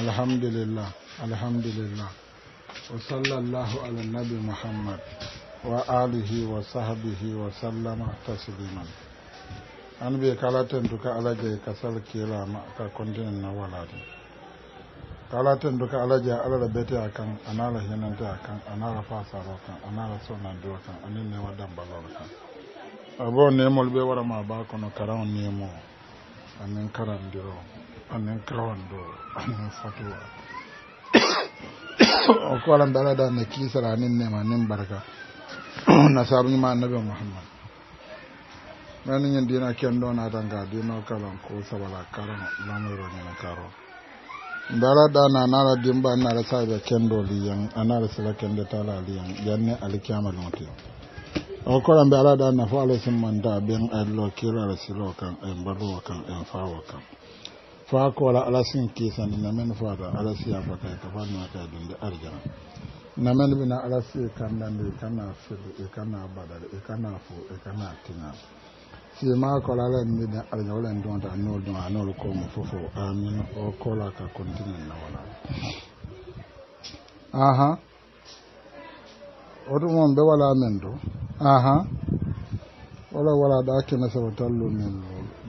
alhamdulillah alhamdulillah wa sallallahu ala nabi muhammad wa alihi wa sahbihi wa sallama tasliman an ɓe kala tenduka alaja kasal kilama ka kontinen na walade kala tenduka alaja alala bete a kan anala henante a kan anala fasaro kan anala sonandiwa kan anin newa dambalor kan abo nemol ɓe warama ba kono karan nemo amin karandiro onen crawando onen fatuwa o kola mbeɗaɗa ne kiisara nin nema nin barka nasaruñuma annabi mouhammad mani ñin dina kendo natan ka dino kalan ko sabala karan lamoro ñine karo mbeɗaɗa na nala dimba anara saɓe kendo liyen anara sila kende tala liyen janne alikiama lunti o kola mbeɗaɗa nafo ala simmanta ɓen ayllo kiro ala silo kan en mbaluwo kan en fawo kan fa kola ala sin kisani namen fata ala siya fa kay ka fa na kay dunde arjana namen bina ala si kannande kana sirri e kana e e badal e kana fo e kana tina si e ma kola ala ni da arjana wala ndon ta no don anol ko mo fofo amin o kola ka kontinen na wala aha odu mon be wala men do aha wala wala da ake na sabatallo min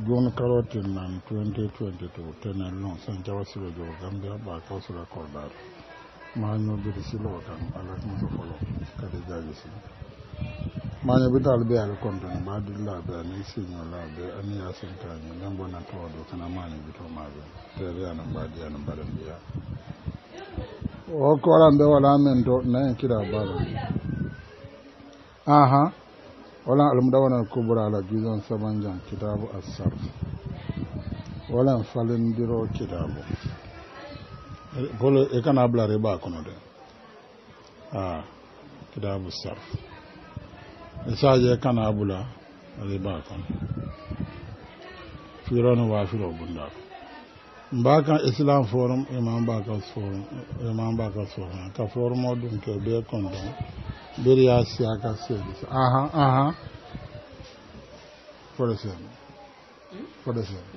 jon karotin na 2022 tenen lon san jawa silo jo gambia ba ka su recordar ma nyo bi di silo kan ala kuma so folo ka da jaji su ma nyo bi dal be ala konton ba di la be ni si nyo la be ani ya sin ka ni nan bona to do kana ma ne bi to ma ta te re nan ba di nan ba da biya o ko ran be wala men do na kira ba aha walan almudawana kubra la gizon jan kitabu asar walan falindiro kitabu bolo e kana bila riba kono de a kitabu sar isaje kana bula riba kono fironu wa firo bunda mbakan islam forum imam bakas forum imam bakas forum ka forum o ɗum ke ɓe kondon ɓiriya siyaka service aha aha fode seeɗa fode seeɗa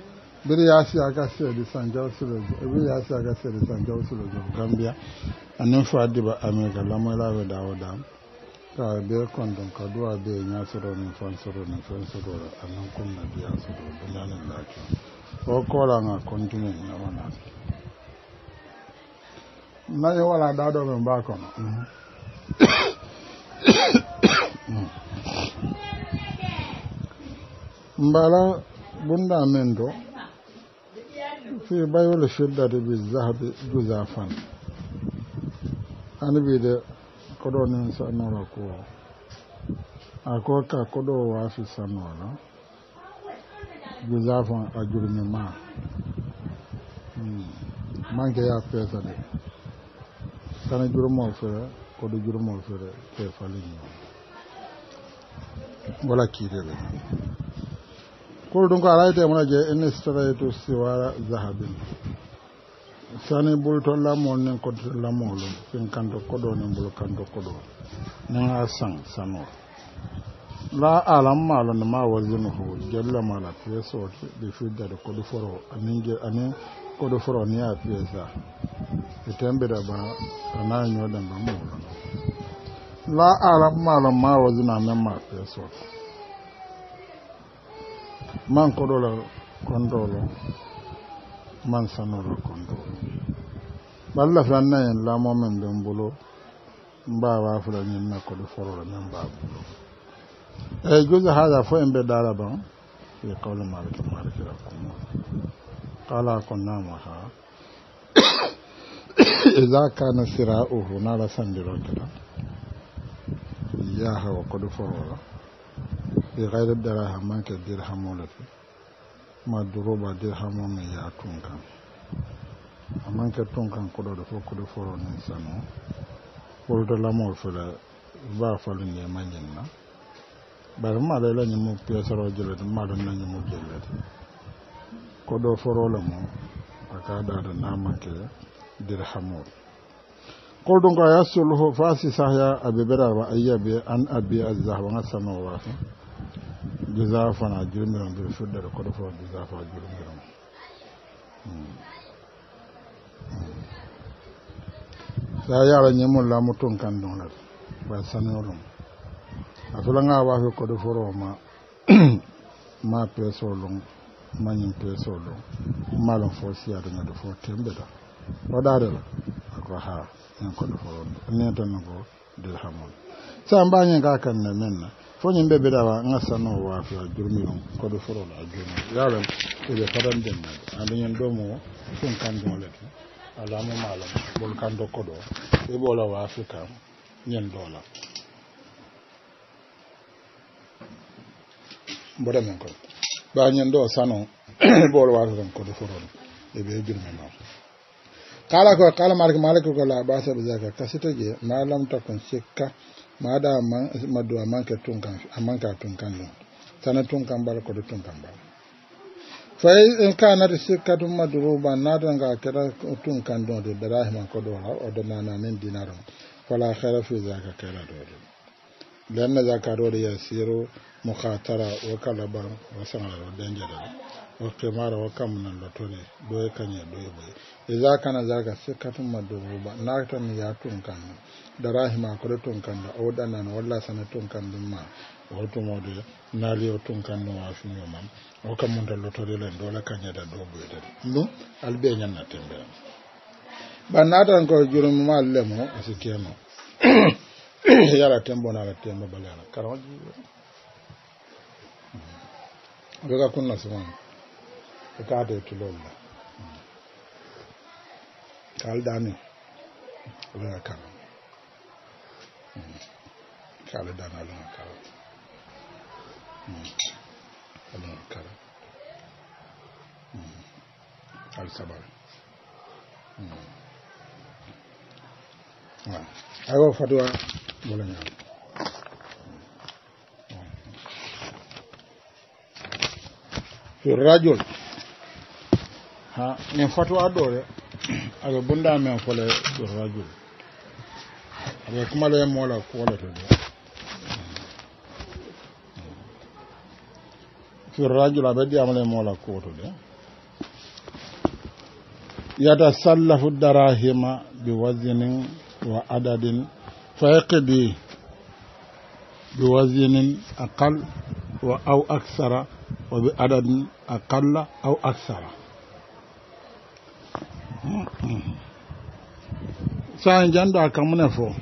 ɓiriya siyaka seedi sanjaw sule ɓiriya siyaka seedi sanjaw sule jof gambia anin fo addiba america lamoylaɓe dawo dam ka ɓe kondon ka duwa ɓe ñasoro min fonsoro min fonsoro anan comna biya soro dunani laakion okolanga continue nabona naye wala daɗo ɓe mba kono mbala bunda men bi zahbi juzafan ani wiide koɗo nin hmm. jizafin a jirgin ma hmm. ke ya fesa de kana jurumo fere kodo jurumo fere ke fali yo wala ki de kuru ɗum ko arayte mona je inistraytu siwara zahabin sani ɓulto lamol nin kodoto lamolum fin kanto koɗo nin ɓulo kanto koɗo nin a san sanor la alam maala no ma wallino fo jelle mala piece o ɗe fuddade koɗo foro amin je amin koɗo foro ni a piece a e tembeda ba ana ñoɗen ba mowlo la alam maala ma wallino amen ma piece o man koɗo la kondolo man sanolo kondolo balla fannayen lamo men ɗen bolo mbawa fulañinna koɗo forola men mbaa bolo eyyi juuɗe haala fo en mbeddaala ban fi e qawle malika malikirakumu qala ko namaha ida kana sira'uhu nala sandirokira yaha wo kodu forwola fi gayre daraha manke dirhamole fi ma duruba dirhamo men yaha tunkan a manke tunkan koɗoɗo fo kodu foro nin sano wolde lamol fole ba falu ndi e majinna bari maɗo ila ñimu pesoro jelete maɗo na ñimu jellete koɗo forole mo aka ɗaɗa namake dirhamol ko ɗum a yassulhu fasi sahya abi beraba an abi azahwa sa yara ñimulla mu tun kan ɗum lete a fulanga wafe kodo foro ma ma peso lon mañin peso lon malon fo siyade ñade fo tembeɗa o da A ako ha en kodo foro netanno ko dirhamon sa mbañen ka kanne men na fo ñin ɓe ɓeɗawa gassano wafe a jurmi on kodo forola a jurmi yaran eɓe fadan domo sun kan ɗum kanjolete alamu malam bol kando koɗo eɓola wafe kam ñen dola. boɗa men kono ɓañen ɗo sano ɓoolo wataten koto fotono eɓe jurme ma kala ko kala marke malake ko la ɓasaɓe zaka kasita je ma lam takon sikka maɗa maddu a manque tun kan a man manque a tun kan lum sana tun kan ɓala koto tun kan ɓala fay en e ka sikkatu madruba natanga keta tun kan ɗon de darahima koɗo wala o donananen dinaron fala hera fi zaka kayra ɗo ɗum lanna zakaro da yasiru mukhatara wa kala ban wo saŋara wo wa wo kimara wo kamunan lotore doye kañe doye boye iza kana zaka na ta natani ya tun kanna darahima koɗo tun da o ɗanana walla sana tun din ma wato tumode na o tun wa ma fiño man o da lotore len dole da do da no albe na tembere ba natan ko ma lemo asikeno yara tembo na ala tembo kunna ka kal dani dana al sabar Mm-hmm. ayo fatuwa bolo ñaama fi ha min fatuwa ɗore aɓe bunda men fole fi rajul aɓe kumale moola kuwolete firajul fi rajul aɓe diyamale moola kuwoto de yatasallafu darahima bi وعدد فيقضي بوزن أقل أو أكثر وبعدد أقل أو أكثر sa'an jan da aka muna fo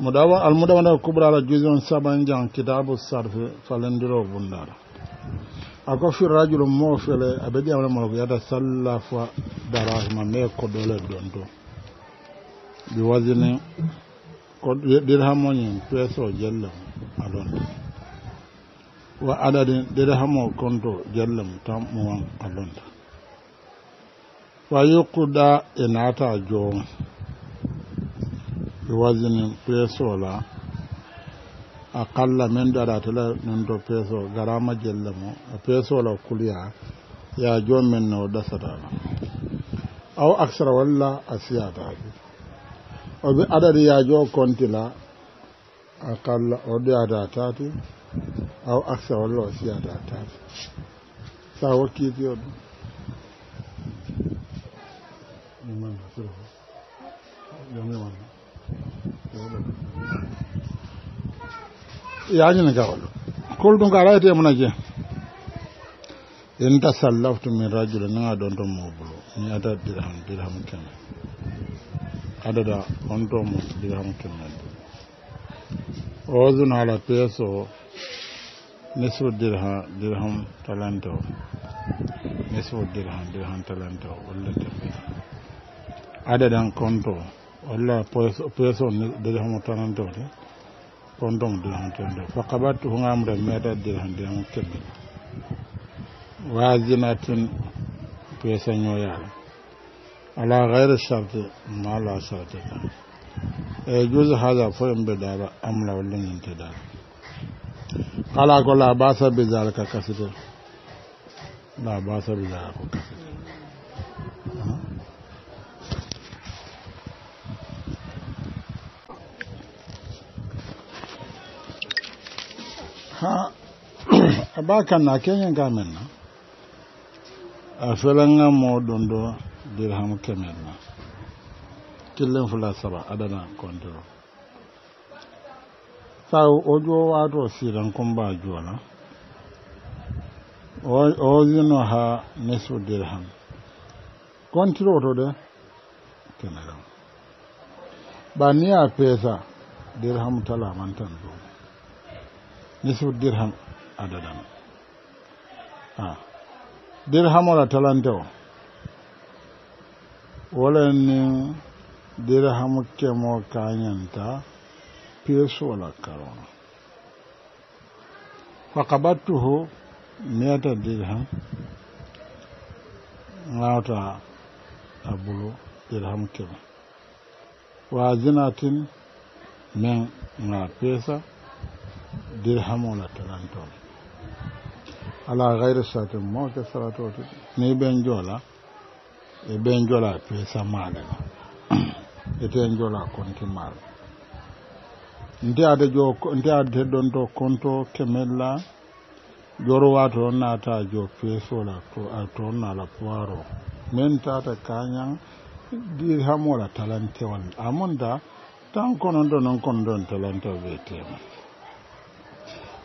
mudawa almudawa da kubra saban jan kitabu sarfi falindiro bundara ako fi rajulun mofele abedi sallafa darahima me kodole dondo bi wasini ko dirhamoñin peso jellem alonde wa adadin dirhamo konto jellem ta muwan alonde fa yokkuɗa e inata jo bi wasini peso la a kalla min ɗaɗatela min do peso garama jellemo peso la kulya ya jo min no ɗasatala aw aksara walla a o ɓe adariyajo konti la a kalla o Ada tati aw accé walla o Ada tati sa wakkiti o ɗum yañina gawaɗo kol ɗum ko arayte mona jeen in tasallaftu min rajula naga ɗon to mobulo mi ata dirham dirham kene adada ontomo dirham kennande ozun ala peso nisfu dirham dirham talante o nisfu dirham dirham talante o adadan konto walla peso dirham talante o konto mo dirham talante o fa kabattu ko gamre dirham dirham kebbil wasinatin pesañoyaala ala ghairi sharti ma la sharti kan eh, e juz hadha fo en be dara am la wala ngin te dara ko la basa ha a ba kan na kenyan gamin na a filin mo dondo dirhamu kɛmɛ na kelen fila saba adana kɔntoro sabu o jo waato siran kunba joona o yino ha nesu dirham kɔntoro to de kɛmɛ dɔn ba ni a pesa dirham tala man tan do nesu dirham adana ah dirham wala talante wolanin dirhamkemo kanyanta fesu walakarona fakabattuhu meta dirham gawta abulu dirhamkemo wazinatin men ga pesa dirhamo la talantoon ala gayre satin moke saratoti ni ben jola e ɓen jola pesa maɗaga eten jola konti maɗa ndeade jo ndeade teddon to konto kemella jorowa to on naata jo pesola to toon nala poiro min tata kañan dirham wala talantewal amonda tan kono ɗo non kono ɗon talantewal wiyetema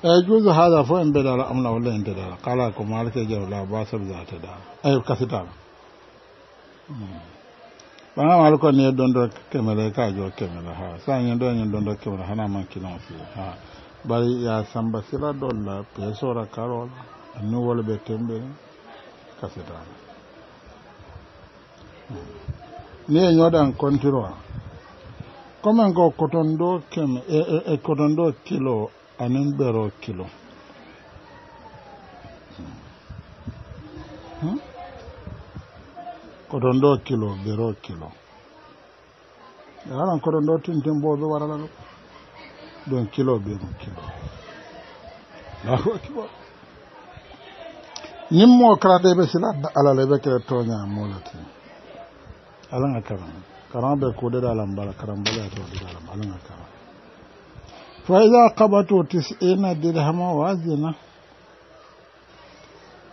eyyi juuso haala fo en mbeɗala amla holla en deɗala kala ko malke jawla basab zata ɗala eyi kasitala ɓaga wal ko ni ɗon ɗo kemere ka jo kemere ha sa ñin ɗo ñin ɗon ɗo kemere hana man kinon fi ha bari ya samba sila ɗolla pesora karola anni wole ɓe tembe kasetama ne e ñoɗan contiro a commen ko coton ɗo keme e coton e, ɗo kilo anin ɓero kilo hmm. Hmm? koton ɗo kilo bero kilo alan koton ɗo tintin bo ɓe warala ɗo ɗon kilo bero kilo lahu akibar ñimmo karate ɓe sila alala ɓe kere toña molati alaga karan karan ɓe kuɗeɗe alam bala karan bala e toɗeɗe alam alaga karan fa ida kabatu tisina dirhama wasina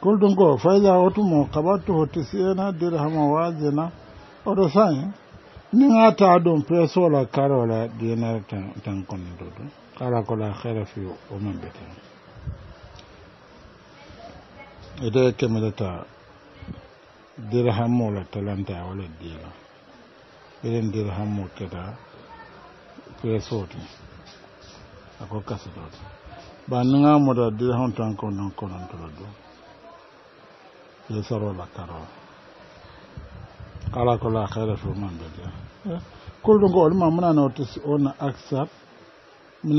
kuldum ko fayda hotumo kaɓattuho tisiyena dirhama wajena oɗo sayi ninga ta ɗum pesola dinar tan kala fi ede talanta wala dina dirhamo ba tan ye soro la karo ala ko la khaira fi man be dia kul do ngol ma muna no tis on aksa min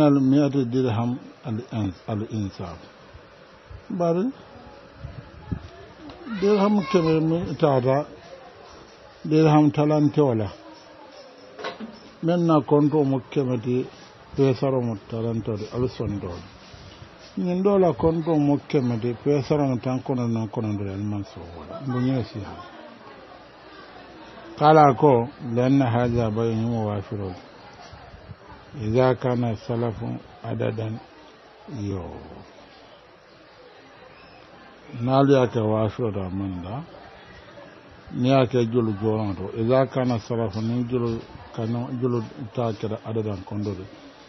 bari dirham kebe mi dirham talante wala na konto mo kemati ye ñin ɗola kon ɗo mo kemmede pe sorona tan kono man so wala sowola mboñee si ha kala ko lianna haja bayo mo wafiro iza kana salafu adadan yo naalu yake wafiroto amanda ni yake julu joronto iza kana salafu ni julu kana julu ta takere adadan kondo de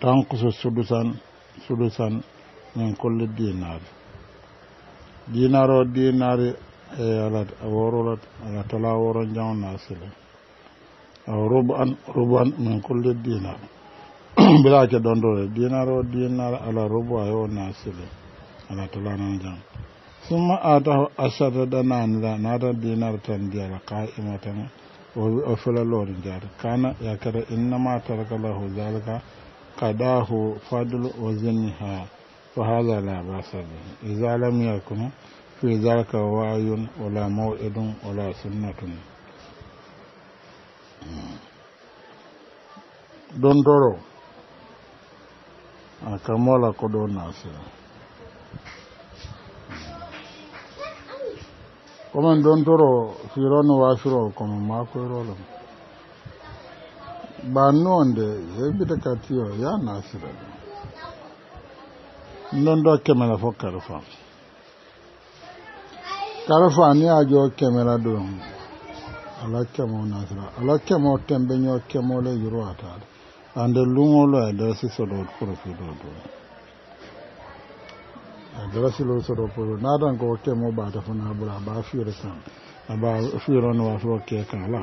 tanko so suɗu san suɗu san min kolle dinaare dinaare o dinaare e ala worola ala tala woro jaw nasile a rubu an rubu an min kolle dinaare bilake ɗondore dinaare o dinaare ala rubu a yo nasile ala tala nan jaw summa ataho asata ɗananira nata dinaare tan ndi ala ka imatan o felalore jaata kana yakata innama taraka lahu zalika قداه فضل وزنها فهذا لا بأس به إذا لم يكن في ذلك وعي ولا موئد ولا سنة dondoro a kamola kodo nasu kuma dondoro firon shiro kuma makwai rolin bi da katiyo ya nasira non ɗo kemela fo kare fa kare fa ni a jo kemela ɗo ala kemo nasira ala kemo tembe yuro ande lumolo e nder sisoɗo profiɗo ɗo e nder silo soɗo profi naɗan ko kemo aba fiire kan aba ke kala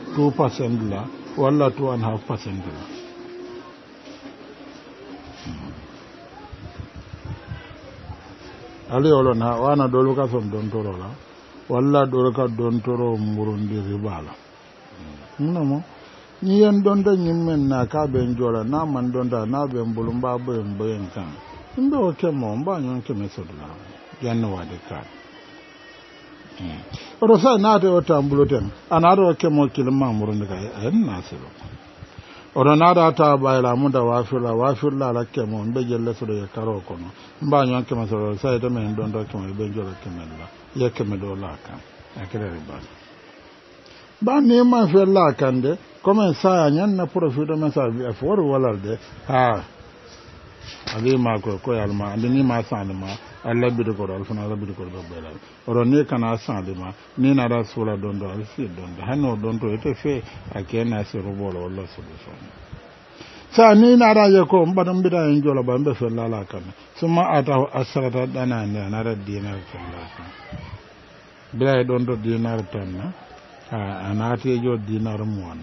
2 percent la walla 2 and half percent la hmm. aliyolo na wana dolu ka som dontoro la wala dolu ka dontoro murundi riba la hmm. ni ñi yen donta ñim men na ka ɓen joola na man donta na ɓen bulu mba ɓoyen ɓoyen kan ɗum ɓe o kemmo mba ñon keme sodla yanni wade kaade Mm. oto sa naate o tambuluten anaata o kemo kilimma murundiga eh, en nasilo oto naata ta bayla muda wafirla wafirla ala kemo mbe jelle soɗo ye karo kono mba ñon keme soɗo sa yita men ɗon ɗo kemo ɓe jola kemella ye keme ɗo la kan akirere eh, bas ba nima fe la kan de comme ça ñan na profito men sa eh, fori walal de ha agi ma ko ko yalma andi ni ma sandi ma alla bidu ko dal fana bidu ko do belal oro ni kana sandi ma ni na rasula don do al si don do hanno don to ite fe akena si bolo wala subhanahu sa ni nara ye ko mbaɗum mbiɗa en joola ba mbe fel lala kam summa ataw asarata ɗanande an ara dinar tan la kam mbiɗa e ɗon ɗo dinar tan na a a naati e jo dinar muwan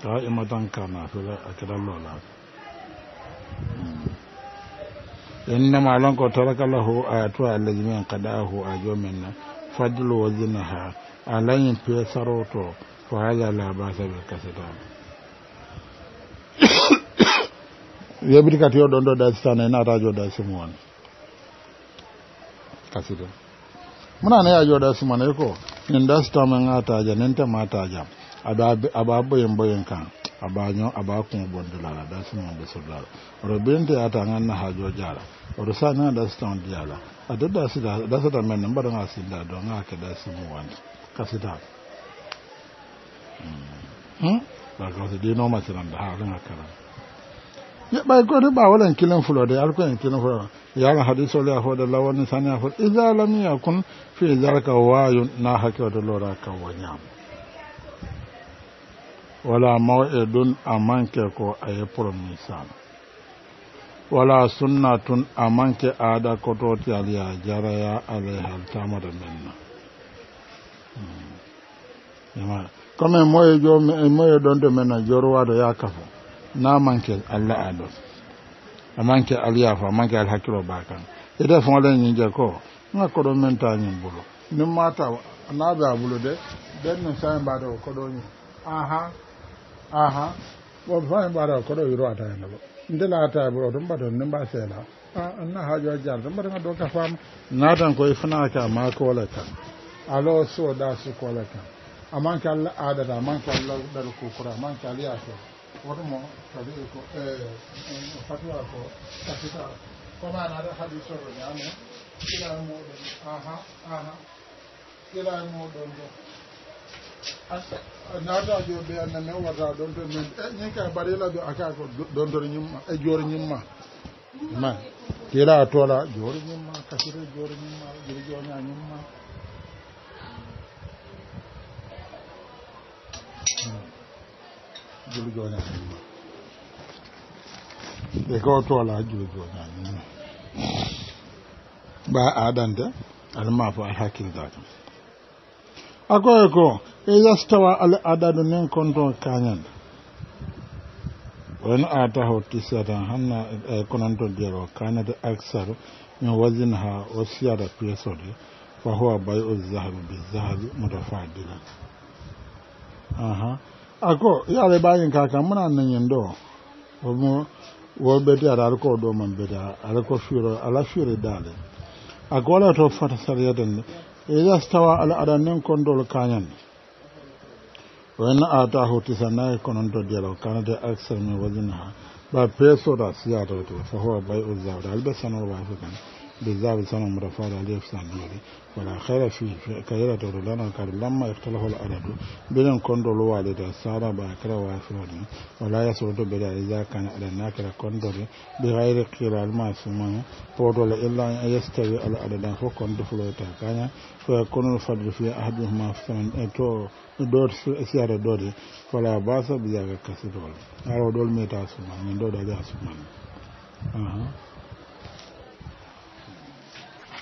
tawa ima tan kana fela a keɗa lola إنما malan ko. له آياته الذي من قداه أجومنا فضل وزنها yebri da ko nin nin kan aba ño aba kuŋo bondulala da siñonde sirlala oto binte ata nan na hajo jala oto na da sitaŋo diyala ate da sita da sita men ne mbaɗa ŋa sinda do ŋa ke da simu wanti ka sitala hmm. hmm? bakawsi dinoma siranda haala ŋa karan ɓay koto ɓa waɗan kilin fulode alkoen kilin fulode ga hadis ole a hoode lawani sani a fo idza lam yakun fi dalka wayun na da lora ka wanyamu. wala maw'idun a manke ko a ye promisan wala sunnatun a manke aada kototi aliya jaraya alayhal tamata men na ima comme moye jo moye ɗonto men na jorwaɗo ya kafo na manke allah aliya a manke aliyafo a manke alhakkilo ba kan ite folen ñinje ko ga koɗo men tañin bulo ni mata na a bulo de den do sawi mbaɗo koɗoñin ahan aha bo fa ba ra ko yiro ata na ata ba hajo jar ka fam na tan ko ifna ka ma ko alo so da su ko ka Allah ada da ka Allah da kura ka wato mo ka bi ko eh ko ko na da hadiso ro ne mo aha aha mo don naatajo ɓe annane ne warta ɗon to men ñin ka mbaɗela aka ko ɗon ton ñimma e ñimma ma a toola joori ñimma kasire joori ñimma jiri jooña ñimma jiri jooña ñimma ko toola jiri jooña ñimma ɓa fo akoye ko e adadu nin konto kañan won hanna eh, konanto jero kanate aksaru min wasin ha o zahabi bi zahabi aha ako yaale kaka muna nañin ɗo omo wo ɓeti ko man ko ala to fata ida stawa ala aɗanin kondol kañanni wayna atahu tisanayi kononto diyalaw kanade aksar min wasinaha ba pesoɗa siyatoto fa howa bay u zawda alɓe sanor wafi kan بالذهب ثمن رفع عليه في سبيله ولا خير فيه كيرة دولنا كار لما اختلف الأرض بدون كندول والد سارة باكرة وافرود ولا يسرد بلا إذا كان على ناكرة كندول بغير قيل المعصوم فودول إلا أن يستوي العدد فكند فلوتا كان فيكون الفضل في أحدهما في ثمن دور سيارة دور فلا باس بذلك كسر دول أرو دول ميتا سمان دول هذا سمان أها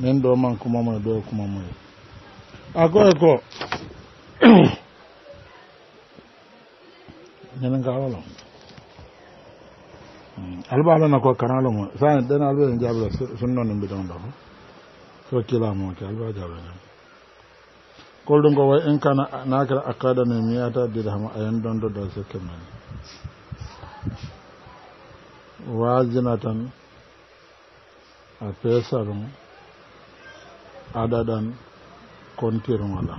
nin ɗo man kuma mai ɗo kuma moye akoye ko ñenen ka walam hmm. alba alana ko kanaalo mo sani ɗen alɓe en jaabira sunno ne mbiɗon ɗo so kila mu kilamoke alba jaabira kol ɗum ko wai in kana nakira akkadani miyata dirhama ayen ɗon ɗo ɗo sikke men wajina tan a pesa ɗum عددا كنتر ولا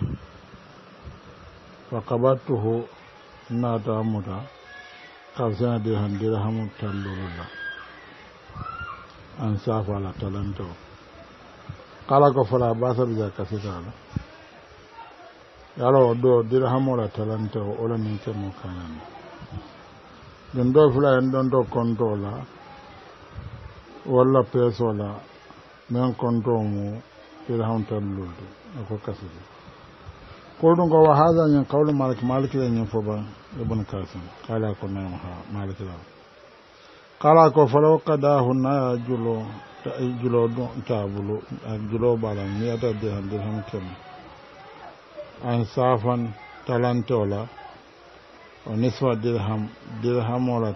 فقبضته ناتا مدى كفزنا درهم درهم تلولا أنصاف على تلنتو قال كفلا باس بذا كثيرا yalo do dirham wala talanta wala min ke mo kanan don do fula en don do kontola wala peso la men konto mu firhawn talluldu e ko kasidi ko ɗum ko wa haha ñin kawlu malik malikila ñin foba ibnu kasim kala ko mem ha malikila kala ko falaw kadahu naya julo julo tabulo julo ɓala miyata dirham dirham kema an safan talantola o nisfa dirham dirhamola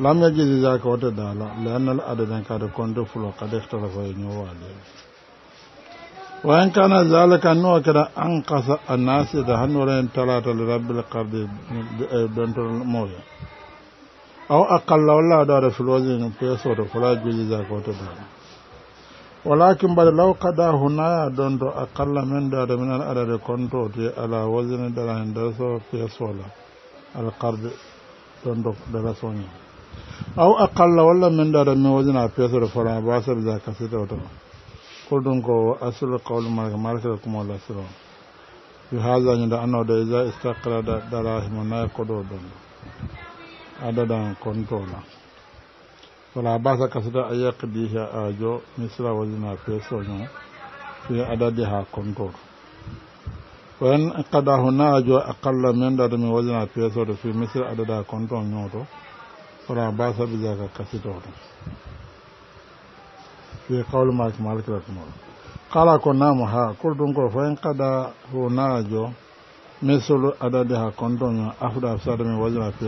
lam ya gizi za ka wata dala lannan adadin ka da kwanto fulo ka da fitar zai yi wa ne wayan kana nuwa kada an kasa a nasi da hannurin talatar rabbi kardi da eh, bentor moya au a kalla wala da da filozin peso da fula za ka wata dala walakin ba da lauka da hunaya don da a kalla min da da minar adadin kwanto ta yi ala wazinin dalahin da su peso da alkardi don da rasonin aw aqalla walla min dara min wajina pesoro fara basar da kasita wata kullum ko asulu qawl malik malik kuma la sirro fi hadha ni da anno da iska istaqra da darahim na ko do don adadan kontola wala basa kasita a ajo misra wajina pesoro fi adadiha kontola Wani qada huna ajo aqalla min dara min wajina pesoro fi misra adada kontola nyoto mark mark kala ko na ha kurdun ko fa in kada ho na jo me so lo ada da ha kondon ya afda afsa da me wajina fi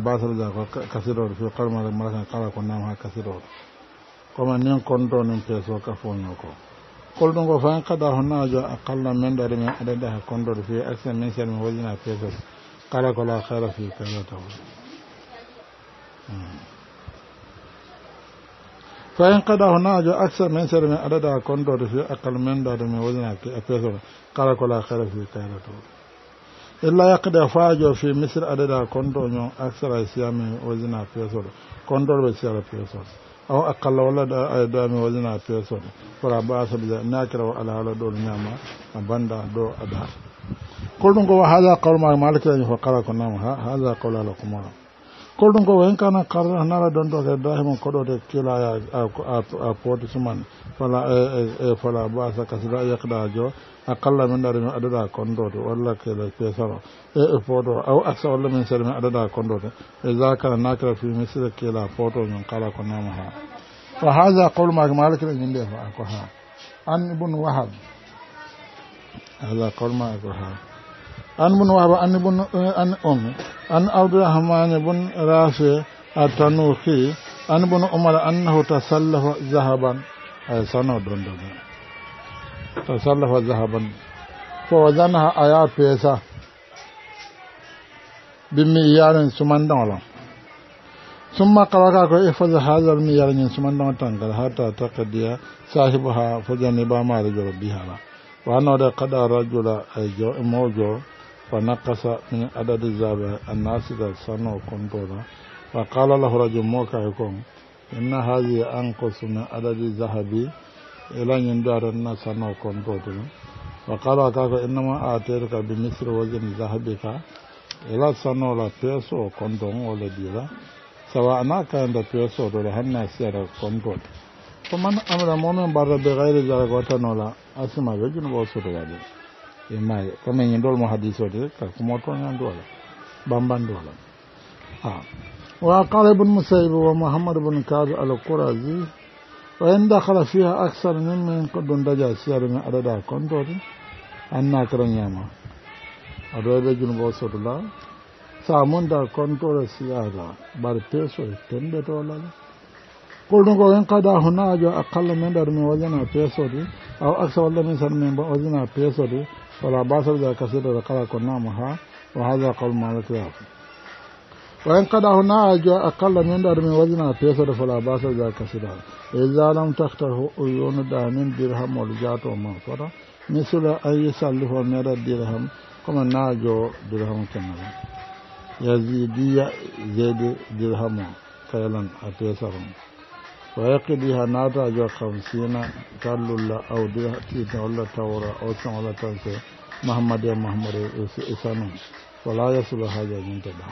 ba sa bi zaka kasi to fi kala ko na ha kasi to kuma ni kondon ni fi so ka fo ni ko kurdun ko fa in kada ho na jo akalla men da re me ada da ha kondon fi aksa men sel me wajina kala ko la khara fi fayin kada hona ajo aksa men sere men adada kondo to fi akal men da ke apeso kala fi kala to illa yaqda fajo fi misr adada kondo nyo aksara siya men wajna apeso kondo be siya apeso aw wala da men apeso ba ala ala do nyama abanda do ada hada qawl ma malik ha hada kol ɗum ko wen kana nara dondoke dahima koɗote kiilaya a pooti suman fala e fala a kasila yakɗa jo a kalla min ɗaɗa min adada kondote walla kele pesaro e e pooto aw aksa walla min seeɗa min adada kondote e, e, e za kana nakira fi misira kiila kala ko ha wa ko ha an ibnu wahab haha qawlu maki ko ha an bun waba an bun eh, an on um, an abdurrahman bun rafi atanuhi an bun umar annahu tasallafa zahaban a sana don daga tasallafa zahaban ko wazana a ya fesa bin mi yaran su man dawala sun ma ko ifa da hazar mi yaran su man dawa ta kadiya sahibu ha fujani ba ma rajula biha ba wa da kada rajula a mojo فنقص من عدد الزابع الناس إذا سنوا كنتونا فقال له رجل موكا يكون إن هذه أنقص من عدد الذهب إلى يندار الناس سنوا كنتونا وقال كاكا إنما آتيتك بمثل وزن ذهبك إلى سنوا لا بيسو كنتون ولا ديلا سواء ما كان ده بيسو ولا هنا سيرا كنتون فمن أمر مؤمن بر بغير ذلك وتنولا أسمع وجن وصول وجن e maye comme en ɗol mo hadis ode rek wa qala wa wa dakala fiha aksar min min ko ɗum daja siyaɗo min aɗaɗa kontode annakara ñama aɗa waɗa junbo sotula bar peso ko en kada wajana aw min wajana فلا باس بها كثير ذكركم نامها وهذا قول مالك يعقوب وإن قد هناك أقل من دار من وزنها تيسر فلا باس بها كثيرا إذا لم تختر عيون دامين درهم ورجات ومغفرة مثل أن يسلف مير الدرهم كما ناجو درهم كما يزيدي زيد درهم كيلا أتيسرهم ويقضيها ناتا جو خمسين تلولا أو دي تيتا ولا تورا أو تن ولا تنسى محمد محمد إسانو ولا يصل هذا من تبع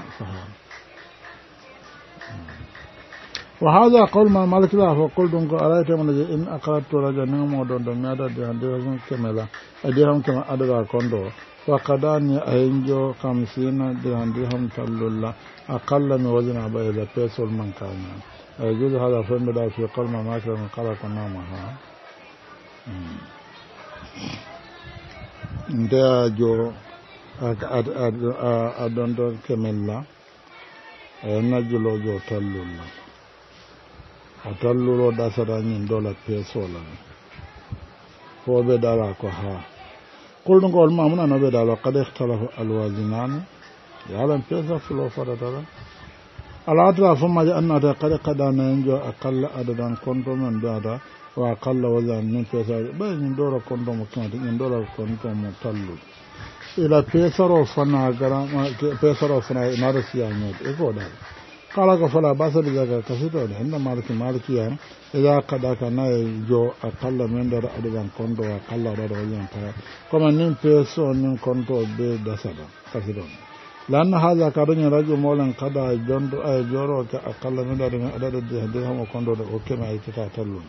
وهذا قول ما مالك لا فقل دونك أرأيت من إن أقرأت رجا نعم ودون دميادا ديان ديان كملا أديهم كما أدرا كوندو وقداني أينجو خمسين ديان ديهم تلولا أقل من وزن أبا إذا بيسول من كامل يجوز هذا فهم بلا في قرن ما كان من قلق نامها ndeya jo adondon kemen la najjulo jo tallul la a tallulo ɗasata ñin dola pesola fo ɓe dala ko ha kulɗugol mamunano ɓe dala kad ihtalahu alwasinanu yo alan pesa fulo faɗatala al'adura sun maji an na da kada kada na yin a kalla adadin kondomin da da wa kalla wajen nin fesa bayan yin dora kondom kuma da yin dora kondom tallu ila pesaro fana gara ma pesaro fana ina da siya ne da iko da kala ka fala ba sa da daga kasu da inda maliki maliki ya ila kada ka na jo a akalla min da adadin kondo akalla da wajen fara kuma nin feso nin kondo be da sada kasu don lanno haaja ka dañen radio molen kada jondo ay joro ka akalla min da dañen adada de de ha mo kondo de okke ma ita ta tallun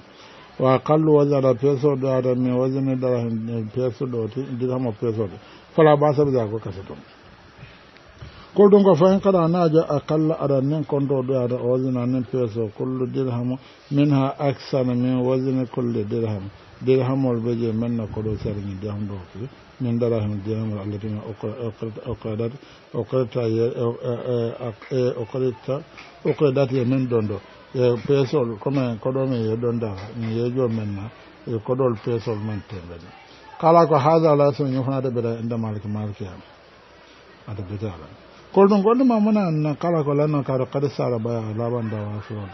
wa kallu wajja da peso da da mi wajja mi da peso do ti di ha mo peso de fala ba sabu da ko kaseto kullu ko fa'in kada naja akalla ada nen kondo do ada wajja nen peso kullu dir ha mo min ha aksana min wajja ne kullu dir ha dir ha mo be je men na ko do sarin di ha mo do من دراهم الدينار التي أقرضت أقرضت أقرضت أقرضت من دوندو pesol comme koɗome ye donda mi yejo men na e koɗol pesol man temɓene kala ko haada la so ñofanade ɓeɗa inde maliki malikiyam ata bete ala kol ɗum kala ko kadi sara baya labanda wasoon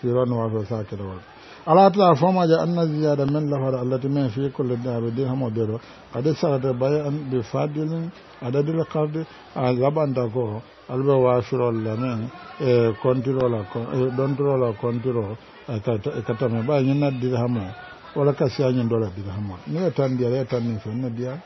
siran waso ala ta fama ja anna ziyada min lafar allati min fi kulli dabidi hamo bero ade sarata bay an bi fadilin adadil qardi a zabanda ko albe wasirol lamen e kontirola dontirola kontiro katame ba ñin na dirhamo wala kasiyañin dola dirhamo ni e tan ndiyala e tan ni fen ne diya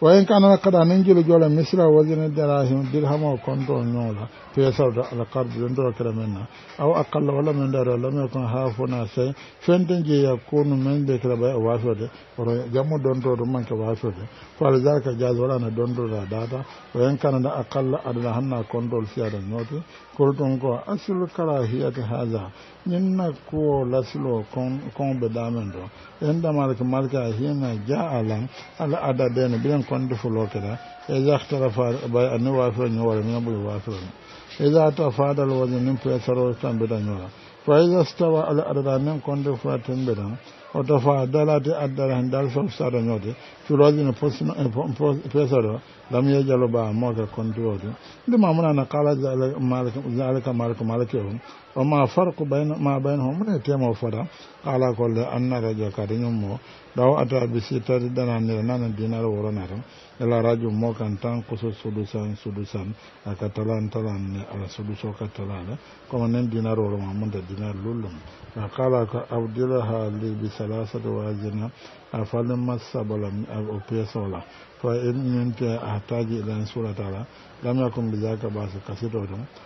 wayen na kada nan gilo jola misra wazin dirahim dirhamo kondo nyola pesar da alqarb don do kada mena aw akalla wala men da wala men kon hafuna sai fenden je ya kunu men de kada bai waso de oro jamu don do man ka waso de fal zaka jaz wala na don do da data wayen kanana akalla adana hanna kondo fiya da nyoti kolɗum ko asilu haza haha ñin na kuwo lasilo be damen do, enda ɗamarke malke a hina ja alan ala adadene biɗen konde fulokeda e ne bay ani wafiro ñowore mina ɓoyi e ida ta fadal waje nin fesaro tambiɗa ñora fa ida stawa ala do fa tan be tembiɗan oto fa dalati addala hen dal sol sada ñoode curoojine pesoro lam yejalo ba moke kontirooti kala zalika وما فرق بين ما بينهم من يتيم وفرا على كل أن رجل كريم مو دعوة أتى بسيطة دنا نيرنا دينار ورنا إلا رجل مو كان تان كسر سدوسان سدوسان كتلان تلان على سدوسو كتلان كما نين دينار ورما من دينار لولم قال أبدلها لي بثلاثة وازنا أفلم السبل أبيس ولا فإن أحتاج إلى سورة تعالى لم يكن بذلك باس كثير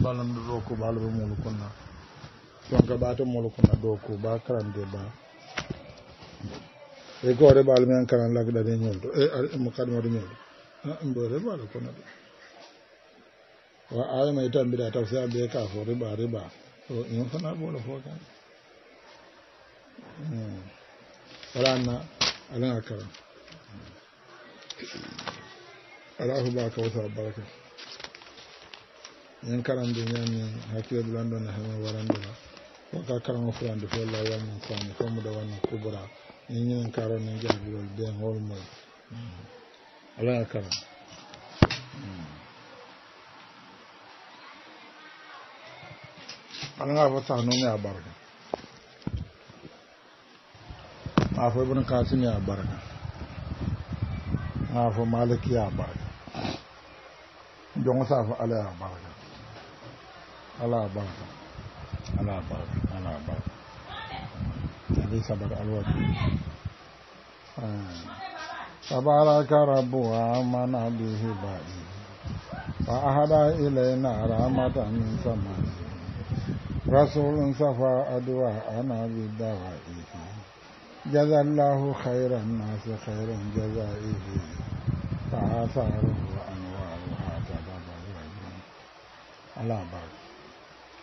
balan do ko balbe mulu kunna don ka bata mulu kunna do ko ba karande ba e gore bal men karan lagda de nyoldo e, e mo kadmo de nyoldo en bore bal kunna de wa ay mai tambida tafsir be ka fo riba riba to in fana bolo fo kan ranna hmm. alin akaran alahu ba ka wata baraka karan ne bulanda na en karande ñamin hakkiloɓe lanɗon hemen warandema woka karama furande fo la wannan sani famuda wannan kubra en ñinen karone jaabilol ɓen holmoy an karam alanga fo sahnome a barka ma fo ibn kasimi a barka a fo maliki a barka don sa fo alaya a barka ala barka ala barka ala barka ليس بر الوجه تبارك رب ومن به بعيد فأهدى إلينا رحمة من سمائه رسول صفى أدواءنا بدوائه جزى الله خير الناس خير جزائه فآثاره وأنواره هكذا على بركة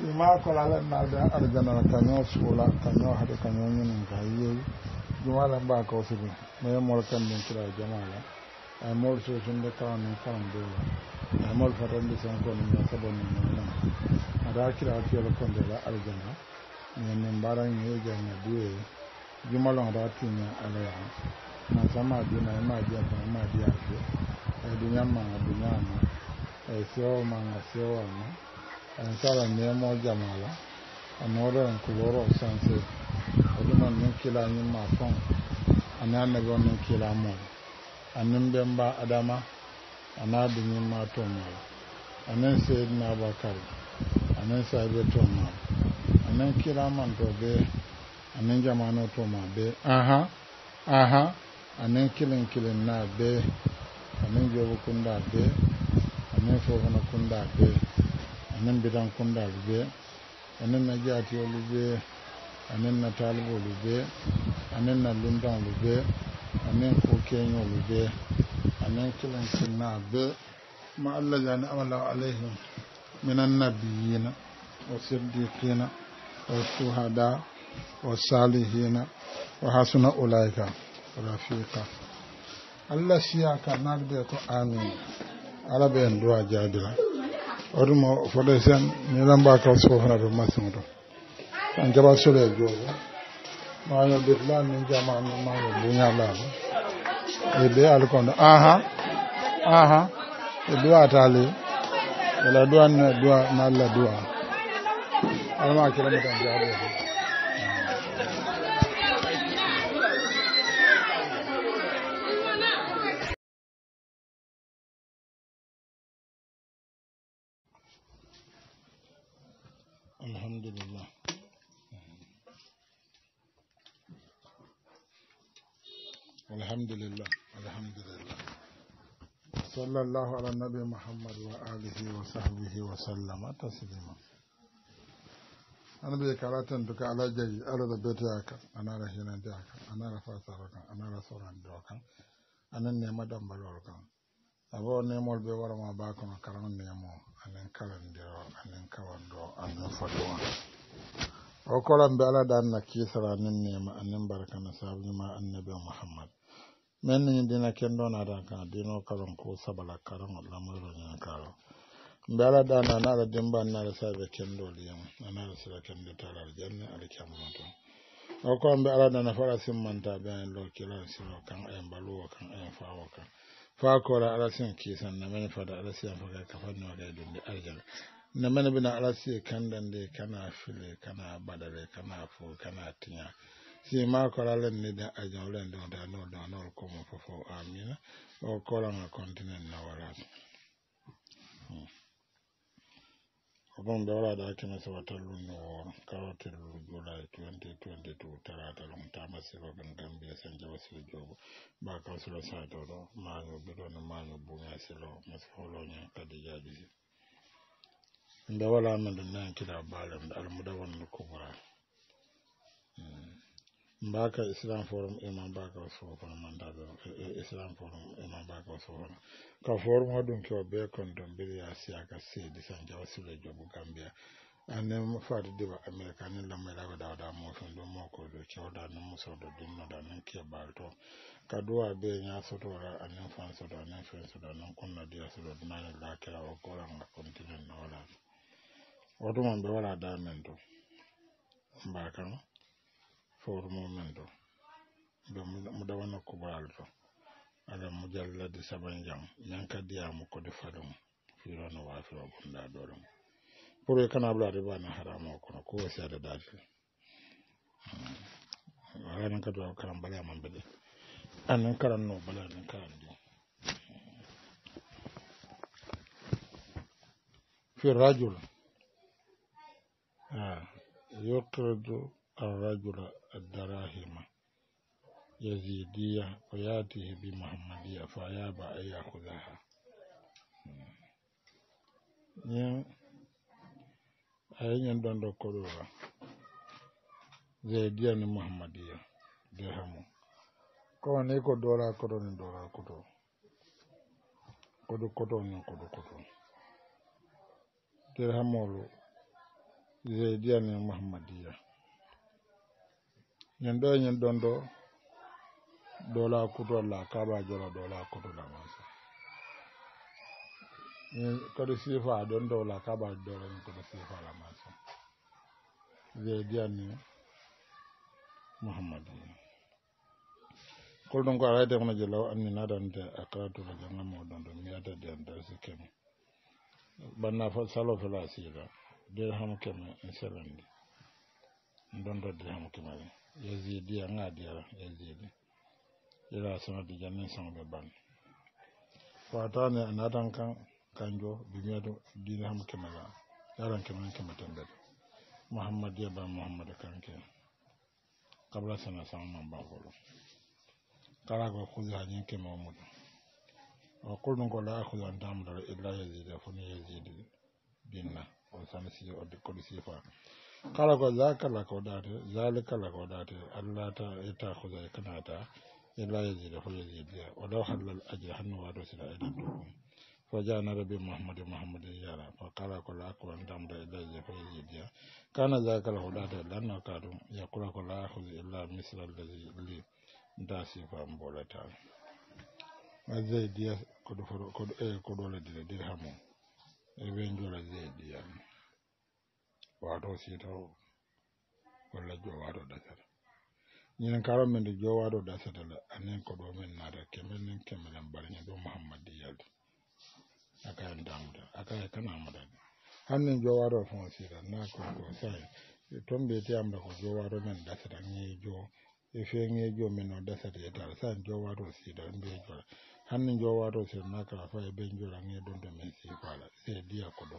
ima kolala nalde arjanana kañoo suula kañoo hade kañoo ñinin ka yeewi jumala wasu ne maye mol kan ɗum kira jamala ay e mol susumde kawa min kawan dewla ay mol fatande sen ne na saboni min nan aɗa kira da fiyolo kondela arjana min min mbaran yeejana duweye jumalon aɗa tiña alaya na sama dina ima jenta ima diyake e duñamma a duñama e ma a ma ansala nemo jamala anoɗon kuloro sanse oɗuman min kila ñimma fon ana annabi on kila mum anin mba adama to na to be to ma be aha aha anin kilin na be anin jobu kunda be anin fofono kunda be aniŋ bidankundaalu bee aniŋ najaatiyolu bee aniŋ nataalibolu bee aniŋ nalundaŋolu bee aniŋ fuukeeñolu bee aniŋ kilinkilinaa bee ma alla yaani amala alayhim min annabiyiina wa siddiqiina wa suhadaa wa salihiina wa hasuna ulaika rafiqa allah siya ka naati ɓe ko amin ala ɓe en oɗumo foɗoy sen ñinamba kaw sofana ɗo masiŋo ɗo an jaba sole joogo maño birla min jama min maño buñalaɓo e ɓe alkono aha aha e duwa taali wala duwanne duwa nalla duwa alama kilométre jaɓoto الحمد لله الحمد لله صلى الله على النبي محمد وآله وصحبه وسلم تسليما أنا بيك على تنتك على جي على ياك أنا رهينا ديك أنا رفاسرك أنا رسولان دوك أنا نيمة دمبلورك أبو نيمة بيورا ما باكنا كرام نيمة أنا نكالن ديرو أنا نكالن دو أنا فدوان وكلام بألا دان نكيسر أنا نيمة أنا بركة نسابني ما النبي محمد men ni dina kendo na da kan dino karon ko sabala karon Allah mu ran karon dara da na na da dimba na da sabe kendo liyam na da sira kendo tarar janna alkiyama to o ko ambe ala da na fara sin manta bayan lokila siro kan ayan baluwa kan ayan fawa kan fa ko da ala sin kisan na men fa da ala sin fa ka kafan na da dindi arjal na men bina ala sin kan dan de kana fili kana badare kana fu kana tinya sima koralen ni da ajawlen don da no da no ko mo fofo amina o koranga continent na wala bon da wara da ake masa wata lunuwa lu gola 2022 tara ta rumta masu babin gambia san jawa su jogo ba so la sa toro manu lo ma so lo nya ka di biyu da wala man da nan kida balam da almudawan kubura mbaka islam forum e ma mbaka o sohokono mandaɓe islam forum e ma e mbaka o sohono ka forum o ɗum keo be kon ɗon mbiɗa siyaka seedi san jawa sule jobu gambia anen fati diba america anen lammayɗaɓe dawda mufen ɗum mokoɗo cewɗa nen musoɗo dinnoɗa anen kebal to ka duwa be ñasotoɗa anen fansoɗo anen fensoɗo anen na diyasoɗo dunani lakira o koranga continent nolan otuman ɓe waɗa damen mbaka mbakan fowru mumen to do mo dawano ko baal to ala mo jalla de saban jam nan ka diya mo ko defa dum firano wa fi wa bunda do dum pour e kana bla riba na haramo ko no ko sa da dal hmm. ala nan ka do karam bala man be de anan karan no bala nan karan do fi rajul ah yotro do الرجل الدراهم يزيدية ويأتيه بمحمدية فيابى أن يأخذها ayen don do korora zaidiya ni muhammadiya dirhamu ko ne ko dora kodo ni dora kodo kodo kodo ni kodo kodo dirhamolu zaidiya ni muhammadiya ñin e ɗo ñin ɗon ɗo ɗola kutolla kaba jola ɗola kutola masa kodo sifa ɗon ɗola kaba ɗola ñin kodo sifa la masa ve diyanni muhammadin kulɗum ko alayde kono je law anni nadante a karatula janga mo ɗon ɗo mi yata diyan darsi kemi banna fo salo fela sila dirham kemi en selandi ɗon ɗo dirham kemi yezidi a ŋa dira yezidi ira suna dija ne sɔŋbe ban fataani a naatan kan kanjo dunyato diine ham kɛmɛ la yaran kɛmɛ ni kɛmɛ tɛ mbɛt muhammadiya ban muhammad kan kɛ kabla sana sama man ban fɔlɔ kala ko kuzi a ni kɛmɛ o mutu ɔ kulun ko la a kuzi an taamu dara ibrahima yezidi fo ni yezidi dinna o sanisi o kodisi faa kala ko zakala ko date zali kala ko date annata etta huda e kanata e, e layajide e fo yajidia e o ɗaw hallal aji hanno wato sira e dato ɗum fo janarabi mahamadi mahamadi yara fo kala ko la ko damda e layajide fo yajidia kana zakala ko date lanna ka ɗum yakura ko la huda illa misra lazi li da sifa mbolata a zeidia koɗo koɗo e koɗo ladire dir hamo e ɓe jola zeidia wato sitaro walla jowaɗo dasata ñinen karo men jo wato da dasata la anen ko do men naata kemel nen kemelen barañe ɗo mouhammadi yalde akayen damuda akaye kana amadade hannen jowaɗo fon sira na koko saye ton mbiyete amda ko jo wato men da dasata jo e fe jo men no da o dasata yetara sa mbe jo hannun jo wato jowaɗo na ka fa e jo jora ŋe don da men sifala sai dia ko do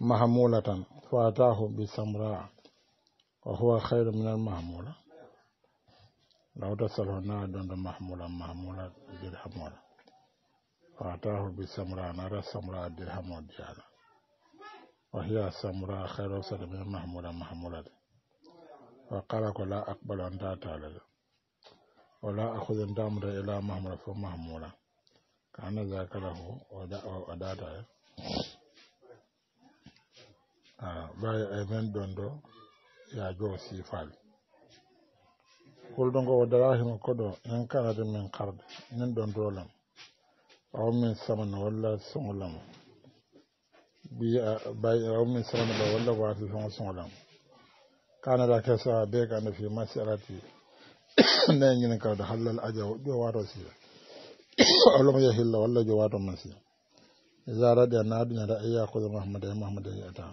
مهمولة فأتاه بسمراء وهو خير من المهمولة لو تسأله نادون مهمولة مهمولة درهمولة فأتاه بسمراء نرى سمراء درهمولة ديانا وهي سمراء خير من المهمولة مهمولة وقال لا أقبل أن تعالى ولا أخذ دامر إلى مهمولة فمهمولة kana zakarahu wadata e ɓawi emen ɗon dondo ya fal. sifali hulɗo ngo o darahima koɗo en kanade min karde nin dondo lam. aw min sama wala samana walla sogolam ah, aw min samana ba walla wafi fego sogolam kanada kesa be kanda fi masalati ne ñinin kawde hallal ajaw ƴo wato sila Allah mo yahilla walla jo wato masi iza radi an adunya da ayya ko muhammad ay muhammad ay ata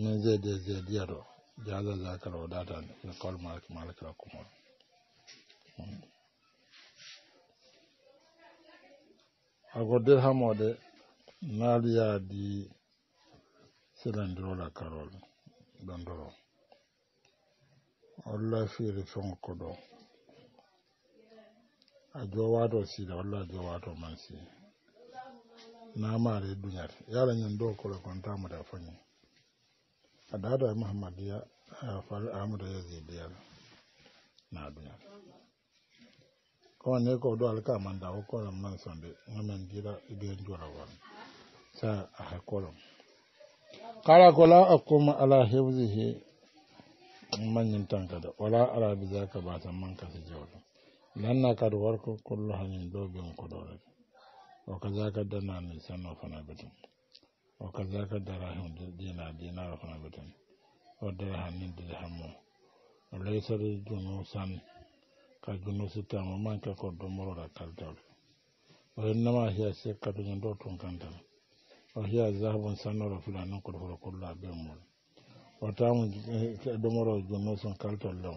ne je je je dia do jala la kar o data ne ko kol mark malik ra kuma ago der hamode nadia di selandro la karol dandoro Allah fi rifon ko do a si da wala a jowato man si namare a da ñin ɗo kola faru a adada mahamadiya ya zai biyar na duñat kono ne ko ɗo man manda o man nan sonde gamen dira ɓe jorawal sa a aha kolon kala ko la akkuma ala hewsihi tanka tankada wala ala ba basan man kasu jawɗum lanna kadi worko kullu hañum ɗo ɓen koɗorede o kazaka danani sanno fana beten o kazaka darahim dina dina dinaro fana beten o hannun da hannu a laisar laysari san ka junusi tamo manke ko domoroɗa kaltawɗe a innama hiya sikkatuñum ɗo tun kantan a hiya zahabun sannoro filanin koɗo foto kullu a ɓen mum o tamu eh, domoro sun kaltar lau.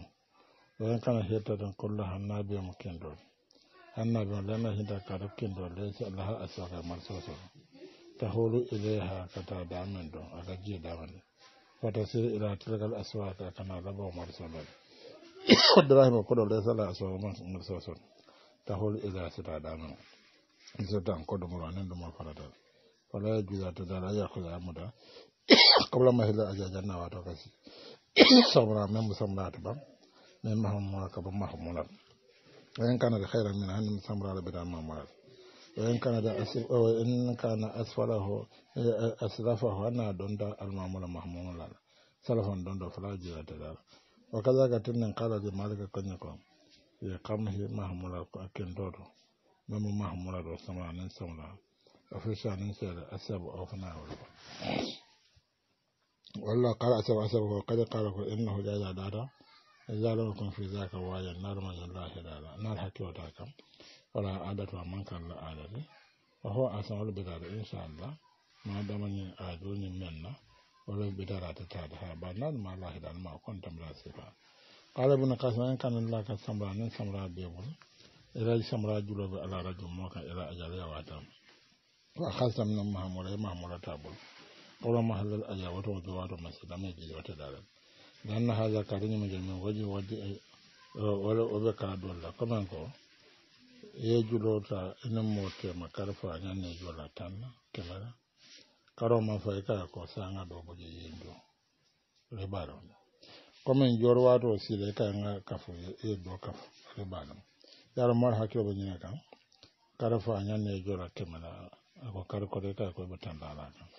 ɗon kana don kollo hannabi mo kindol annabi o lema hinda kado kindol leysi alaha asoka mar soso tahulu ka kata damen ɗon a jii damani fata sir ila tilgal aswaka kana labo mar solol drahima koɗo leysala asoka mar soso tahulu ileyha sita damen sirtan koɗomuro anen ɗumo faratal wala ya juya ta dara ya kula mu da kabla mahila a jajen nawa ta kasi saura mai musamman ta ba من مهم مراكب مهم منال وإن كان خيرا من أن سمرا بدل ما مرال وإن كان وإن كان أسفله أسلفه أنا دون المعمول مهم منال سلفا دون فلا جرى تدار وكذلك تنن قال لمالك كنكم يقامه مهم منال أكن دورو مم مهم منال وسمرا نسمرا أفرشا نسير أسب أوفنا ولا قال أسب أسب وقد قال إنه جاء دارا zalorkon fi zaka wajan larmanin lahirara nar hakkewata kam wala adatu a mankalla adade oho asanol bidara inchallah ma damani a joni menna wala bidara ta tada ha ba nan ma lahirara ma kontamra sifa qala ibn qasim an kana la ka samra nan samra bebul ila samra julo be ala rajum mo ka ila ajal ya watam wa khasam nan mahmura mahmura tabul qala mahallal ajawatu wa jawatu masjid amma ji wata dalal ganna haala ka rañima jam min waji wadde wala oɓe ka dolla comen ko yejulota ene mootema kara fa ñanne jola tanna kelara karoma fay kaa ko sanga ɗo boje yeyndo rebaroo commen jorwato sile kaga kafo yeddo kaf rebaɗom yaro mar hakkiloɓe ñine kam kara fa ñanne jola kemena ko kara kore kaa koyeɓe tanɗala kam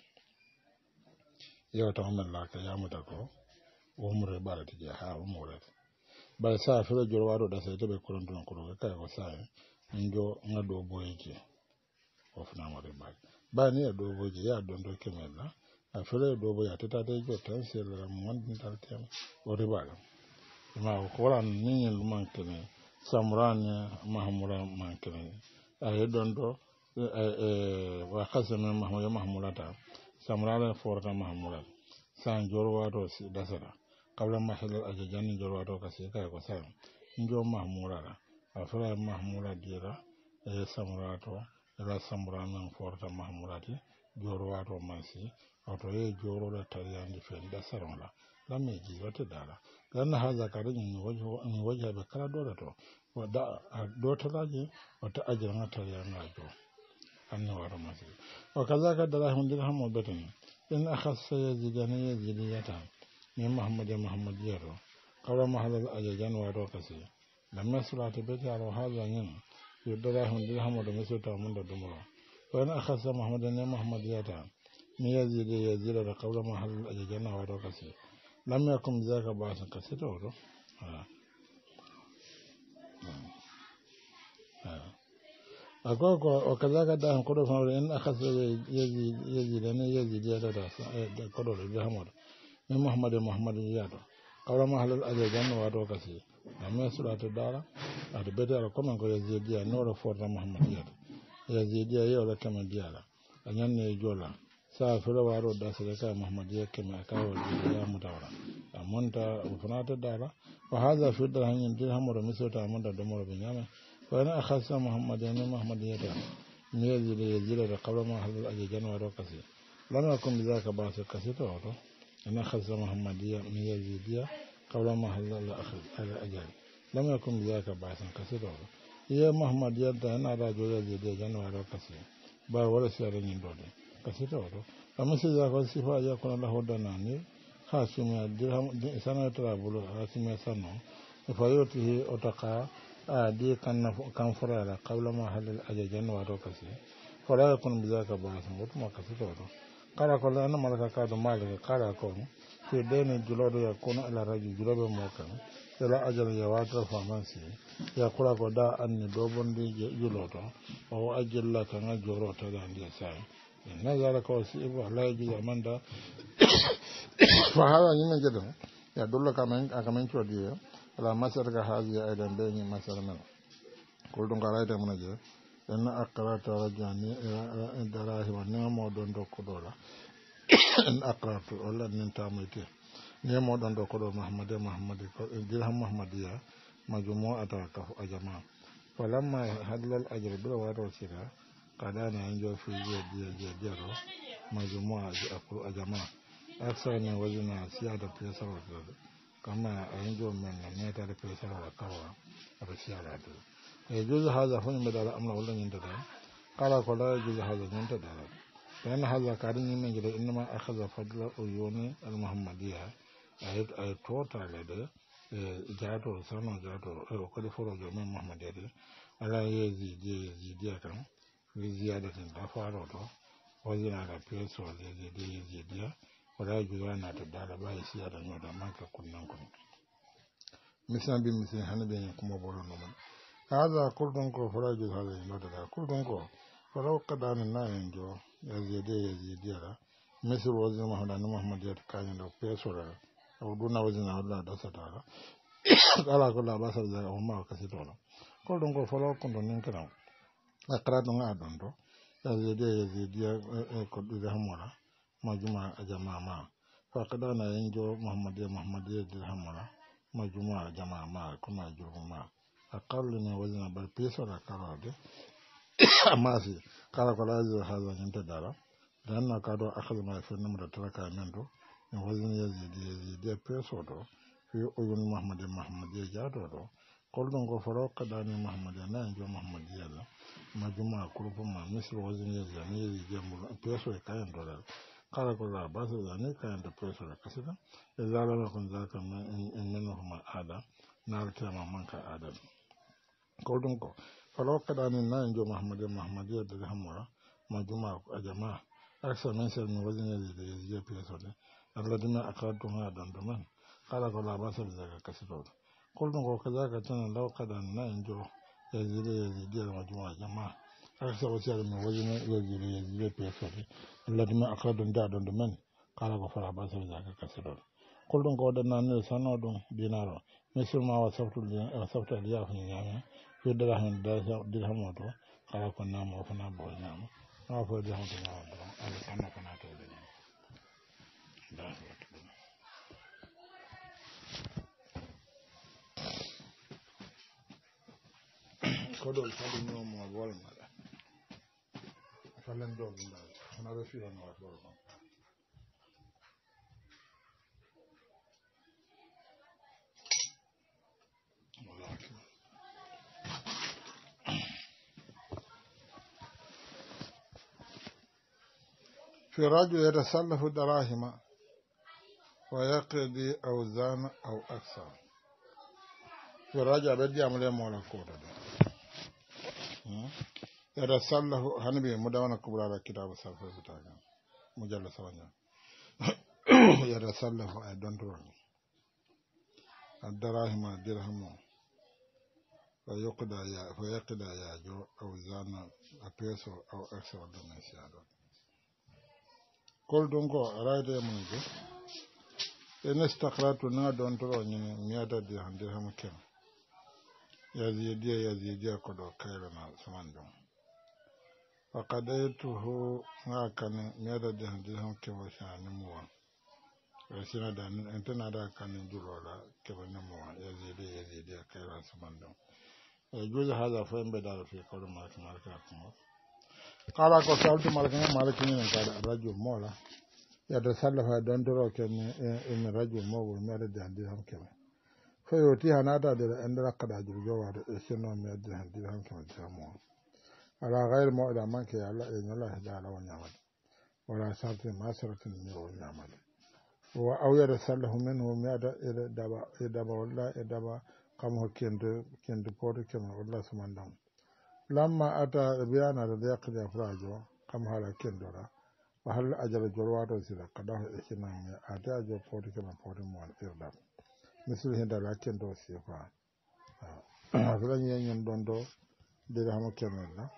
yewtan omen laka yamuta ko womre ɓarati je ha womorete bare sa fira jorwaɗo ɗa sa teɓe korontumen kotoke kay ko sa en jo ga dow boyeje o funamore bari bani e dow boyeje ya donto kemella a fira e dow boye a tetate jo tan sellera mo wandintal tema o ribaɗam ma ko waran niñel mankene samurani mahamura mankene aye donto wa kaseme mahmuya mahmurata samurala forta mahmurata san jorwaɗo dasata kabla masalol ake ruwa doka sai kai ko sayo njo mahmurara afra mahmura dira e samurato ela samura nan forta mahmurati jorwato mansi oto ye jorole tariyandi fen da sarola lamme jirote dara lanna ha zakari ni wajha ɓe kala dole to dotalaji wata ajiranga tariyanajo anni waro masi wa kazaka darahum ya betani in akhassa yazidani yazidiyatan min mahamadou mahamad jeeto kawra mahalal aja jan wato kasi lamme sulate be jaro haala ñin yurdalahum dir hamado mi sirta munda dumuro wan akhasa mahamada ne mahamad yata mi yazide yazidata kawra mahalal aja jan wato kasi lam yakum zaka basan kasi to to akoko okazaka dahan kodo famre en akhasa yazidane yazidata kodo le hamado محمد محمد زياد قال ما هل الأذان وارو كسي أما سورة الدارا أربعة ركما كل زيديا نور فور محمد زياد يا زيديا يا ولا كم ديارا أجن نيجولا سافر وارو داس لك محمد زياد كم أكاو يا متورا أمونتا وفنا الدارا وهذا في الدرهم ينتهي هم رمسوا تامونتا دمر بنيامة فأنا أخص محمد يعني محمد زياد ميزي ليزيل قبل ما هل الأذان وارو كسي لم يكن بذلك باسل كسي توارو أنا خزر محمدية مية يزيدية قبل ما هلا لا أخذ على أجل لم يكن بذلك بعثا كثيرا يا محمد يدا أنا رجل يزيدية جنوا على كثير بار ولا سيارة من دولة كثيرا أما سيزاك وصفة يكون له دناني خاسمية درهم سنة ترابل خاسمية سنة فيوته أتقى آدي كان كان فرارا قبل ما هل أجل جنوا على كثير فلا يكون بذلك بعثا وتما كثيرا kala ko la nama ka ka do mali kala ko ke deni julo do ya kono ala raji julo be mo kan ila ajal ya wata famansi ya kula ko da anni do bondi julo to o ajal la joro da ndiya na ko si la ji fa ni jedo ya dulla masar be ni masar men je inna akratu rajani darahima nemo ɗon dokkuɗola in akratu walla nin tamoyte nemo ɗon dokkuɗo mahamadi mahamadi mahamadu mahmadiya majumo ata kaf a jama falamma hadlal ajre ɓuura wato na kaɗana hen jo fi jeediye jeediyaro majumo a jama aksarne wajina siyada pesarotode kama ahen da men metade pesarwa kawa aɗa يجوز هذا فن بدل أمر ولا ينتدى قال فلا يجوز هذا ينتدى لأن هذا كارين من جل إنما أخذ فضل عيون المحمدية أيد أيد توتا لدى جاتو سانو جاتو وقد فرج من محمدية على يزيد يزيد كم بزيادة تفاروتو wajen a rafiyar su wa zai zai zai biya wala juwa na ta dala ba ya siya da yau da maka kunnan kunnan misan bin misan hana bin kuma boron noman هذا كردنكو فراجل هذا يلودلا كردنكو فلو قدان الناين جو يزيدي يزيدي لا مثل وزن محمد محمد يتكاين لو muhammad ya دون وزن الله da o na kra don a don ya je de ya je de ko da hamora ma a jama'a fa kada yin jo muhammad ya muhammad ya da hamora ma a jama'a kuma akallu ne walina bar na karode amasi kala kwa lazi wa haala nyente dara dana lanna ka ɗo akal ma fennumuɗa taraka men ɗo mi yazidi yasidi yasidi e pesoɗo fi oyun mahmadi mahmadi ya jaaɗo ɗo kolɗo ngo foro kaɗani mahmadi ya na njwa mahmadi ya la majuma groupe ma ni yazidi ya yasi ani yasidi peso ya kayen ɗoɗal kala kwa la basi ani kayen ɗo pesoɗo kasida ya zala na kunzaka en menhuma aada naartema manka mamanka ɗum ko ɗum ko falaw nan jo mahamadi mahamadi ya dede ma a jama aksa min sel mi wasinede de yesije piesode allah dima akadtum ha donto men kala ko labasa ɓe jaga kasitoɗo kol ɗum ko law jo a jama aksa wasiyade mi wasine da donto men kala ko falabasa ɓe jaga kasitoɗo kol ɗum ko dinaro fi darahin dirham wato kala ko namu o fana bol namu awa fo dirham to nawa dron ala kanna fana to be namu darahi wato kodol fadi ñoomo wolmala falen dogu ndal fana ɓe fiyanowat wolmama في رجل يتسلف دراهم ويقضي أوزان أو أكثر في رجل بدي أعمل مولا كودا يتسلف هنبي مدونة كبرى على كتاب السلف بتاعنا مجلد سبعة يتسلف I don't wrong الدراهم درهم فيقضى يا فيقضى يا جو أوزان أبيسو أو أكثر من سيادته kol ɗum ko arayde e mum ene stakratu na ɗon toro ñini miyata di hande hama ken yasidiya yasidiya na kayrana saman ɗum fakad aytuhu ga kane miyata di hande hama ken wa sina nimu won e sina da entenaɗa kane julola keɓa nimu won yasidiya yasidiya kayra saman ɗum e juuɗe haala fo en mbeɗaɗo fi kawɗo maki marka kala ko saltu malakine malakinen kaɗa radio mola da yadda sallafa don doro kemi emi radio mogol mi aɗa dirhan dirham keme so yoti hanata dira endera da jurjowaɗo e sinno mi aɗa dirhan dirham keme dirhamoo ala gayre moɗa manke allah e ñola heɗa alawo ñamade wala sarti masaratin ñowo ñamade wa awyata sallahu minhu mi aɗa ede daba e daba walla e daba kam ho kende kende pooto wala walla sumandan lamma ata biyana da yaqdi afrajo kam hala kendora wa hal ajal jorwato sila kadaho ekinami ate ajo poti kena poti mon irdam misil hinda la kendo sifa afra ah, nyenyen dondo de hamo kenella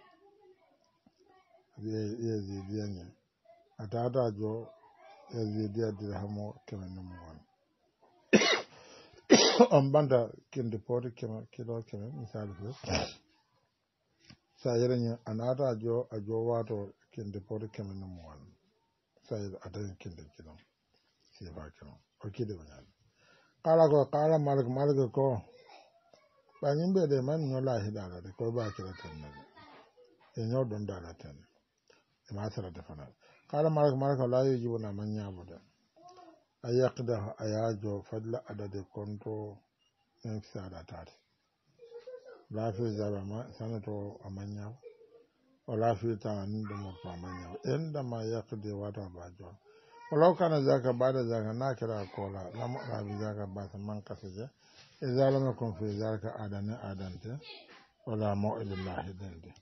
ye zidiya ne ate ata ajo ye zidiya de hamo kenella mon on banda kende poti kema kilo kema misali sayere ñin a naata a jo a jo waato kindi poti keme ni muwan sayid atañi kino se ba kino o ki o ñaade kala ko kala malik malik ko ɓañim be de man ñola de ko ba kira tennede e don da daɗa tenne e ma sara fana kala malik malik yi la yujibuna man nya a yaqidahu ayaqda ayajo fadla adade konto da ta ta. lafi jara sanato a manya o ta an da mafi a manya inda ma ya de wata ba bajuwa walau kana zaka bada zaka na kira kola lam rabi zaka ba ta man je e lam kun fi zaka adana adanta wala mu'illahi e dande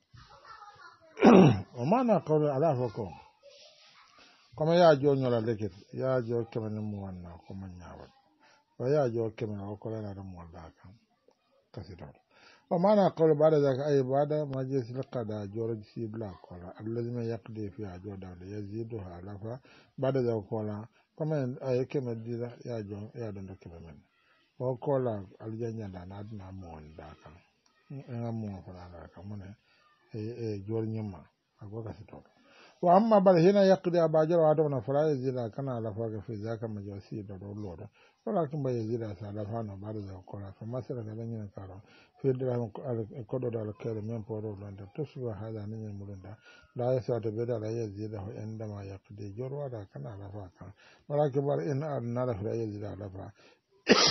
o na qawli ala fako kuma ya jo nyola leket ya jo kemen mu wanna kuma nyawa o ya jo kemen o kola na mo kasi kasidoro ومعنى قول بعد ذلك أي بعد ما جيس لقد جورج سي بلاك ولا الذين يقضي فيها جودا يزيدها لفا بعد ذلك ولا كما أي كما ديلا يا جون يا دون كما من وقولا الجنة لا نادنا مون ذاك إن مون فلا ذاك من جور نيما أقول كسيتوك وأما بل هنا يقضي أباجر وعدم فلا يزيد كان لفا في ذاك مجوسي دور لورا ولكن بيزيد سالفانا بعد ذلك ولا فمثلا كذا نينا كارو firdiramin koɗoɗo alkhairi min poɗoɗonde tosuba haala ni min muɗumɗa la yasata bede ala yesdidahu kan alafa kan wala kibar en aɗanara fira yesdida alafa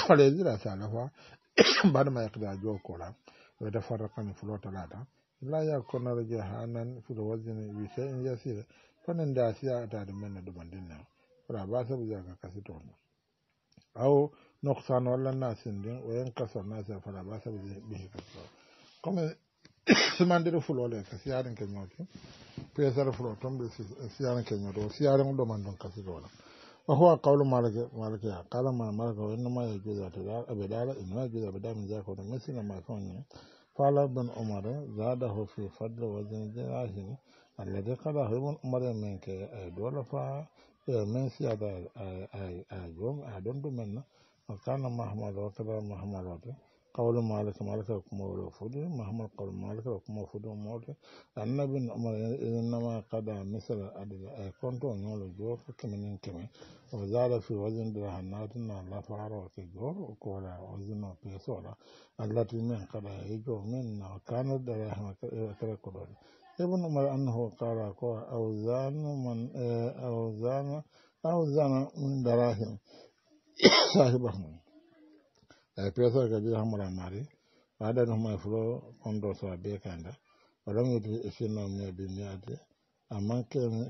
ala yesdida sa alafa mbaɗma yakkude la wi fanin da siya atade men no ɗumandinne wala ba sabu kasi نقصان ولا الناس دين وينكسر الناس فلا باس به كسر كما سمان ديرو فلو لا سيارن كنيوتي بيسر فلو توم سيارن كنيوتي سيارن دو مان دون كسر ولا وهو قول مالك مالك قال ما مالك وانما يجوز بدال انما يجوز بدال من ذاك مثل ما كان قال ابن عمر زاده في فضل وزن جراحه الذي قاله ابن عمر منك اي دولفا من سيادة اي اي اي يوم اي دون دومنا وكان محمد وكبر محمد وكبر قول مالك مالك وكما ولو فدو محمد قول مالك وكما فدو موت النبي عمر إنما قد مثل أدل أي كنت ونول جوف كمن كمن وزاد في وزن درهنات لا فعر وكجور وكولا وزن وكيسولا التي من قد يجو من وكانت درهم كركدول ابن عمر أنه قال أوزان من أوزان أوزان من دراهم sahiba hum ay peso ka bi hamara mari no ma fulo kondo so be kanda wala mi bi sino mi bi mi ade amma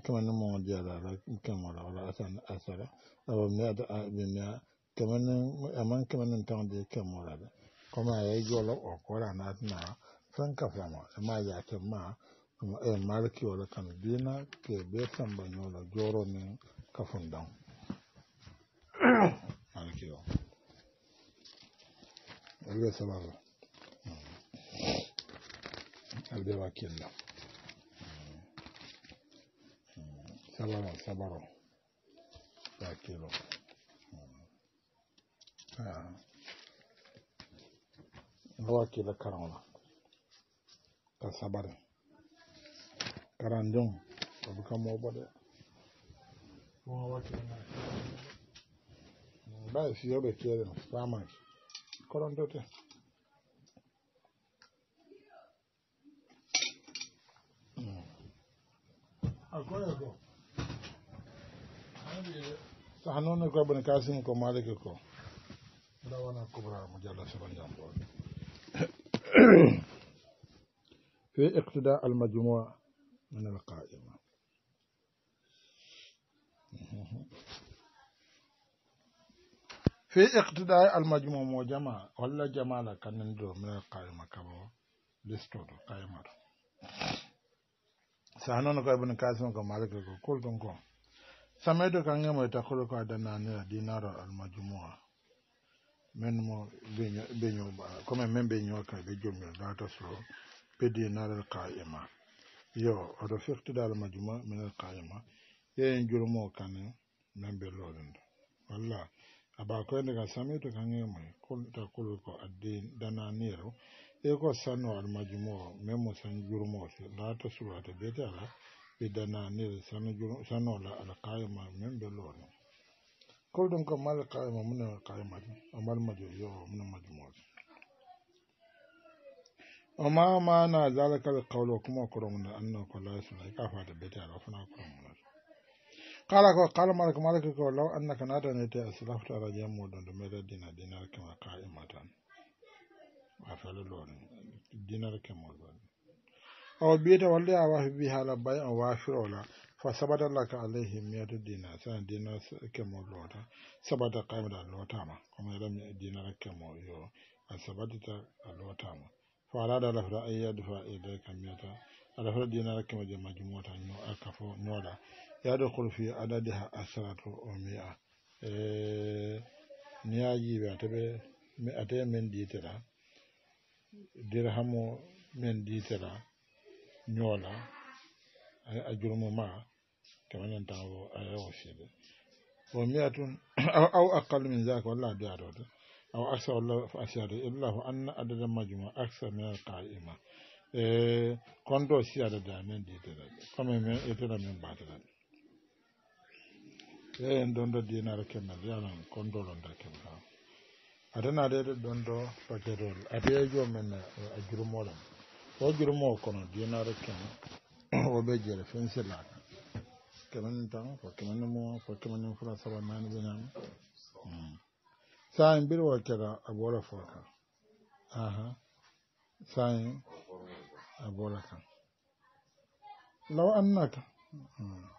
kama no mo diala la kama wala asan asara mi amma tan de jolo o kora na na san ka ma ya ke ma e marki wala kan dina ke be samba nyola joro ala kilo albe sababa albe wakilla sabaro sabaro ta kilo wakila karawla ka sabare karandin wallahi fiyo ɓe keerino famaki korondote akoye ko saha noon ko abone kasimu ko maliki ko rawana kubra mo diallo saba jamboo في اقتداء المجموع من القائمة fe iktidai almajmumo jama walla jamala kannindo mina kayima kabo listoto kayimato sa noono ko ibne kasim ko malik ko kulton ko samaydo kangemo e takkolo ko adannanira dinaro almajmua min mo beño comme min beñoo ka ɓe jommir gata so pe dinarel kayima yo oto fiktida almajmua minel kayima yeyen julmoo kane min be lolindo wallah abakoyendega sami to kaŋemoy kolta kulu ko addi dananiyero e ko sanno almajumo meŋ mo san jurumoti lata surata bete ala be dananir sanno la alkayima meŋ be loni kolɗum ko mal kayima mune kayimati omalmaju yo mune majumoti o mamana zalika alkawlo kuma koromune anno ko laysuna e ka fata bete ala o fana koromuna kala ko kala malko malko ko law annaka nadanete aslafto araja muɗum ɗo meɗa dina dinar kema ka ima tan a fele loni dinar kemagon o ɓiyta walle a wafi bi haala bay on wafirola fa sabatallaka alayhi miyata dina sana dina kemo loota sabata kamiɗa lootama comme eɗa dinar kemo yo a sabatita a lootama fa alada alafata ayadfa ilayka miyata alafata dinar kemo je majumota ñoaka fo ñooɗa yadokol fi adadiha asratu o mi'a e niyajiɓe ateɓe ate men ɗitera dirhamo men ɗitera ñoola a jurmu ma kamanen tango ayao siɗe o mi'a tun aw aqal min zaka walla biyatote aw axa walla fo asiyade illa fo anna adada majuma axa min alqa'ima e konto si adada men ɗitera comme men itera min batirade yeyen eh, ɗon ɗo dinare kemel yalan kondolonda kemel ha adana adede ɗon ɗo paketol adeye jomumen a jurumoɗon o jurumo kono dinare keme o ɓe jeere fensillaka kemani tan ko kemani mo ko kemani fula saba na ni ñama mm. sayin mbiɗa wo keda a ɓoola fo kan aha sayin a ɓoola kan law annaka mm.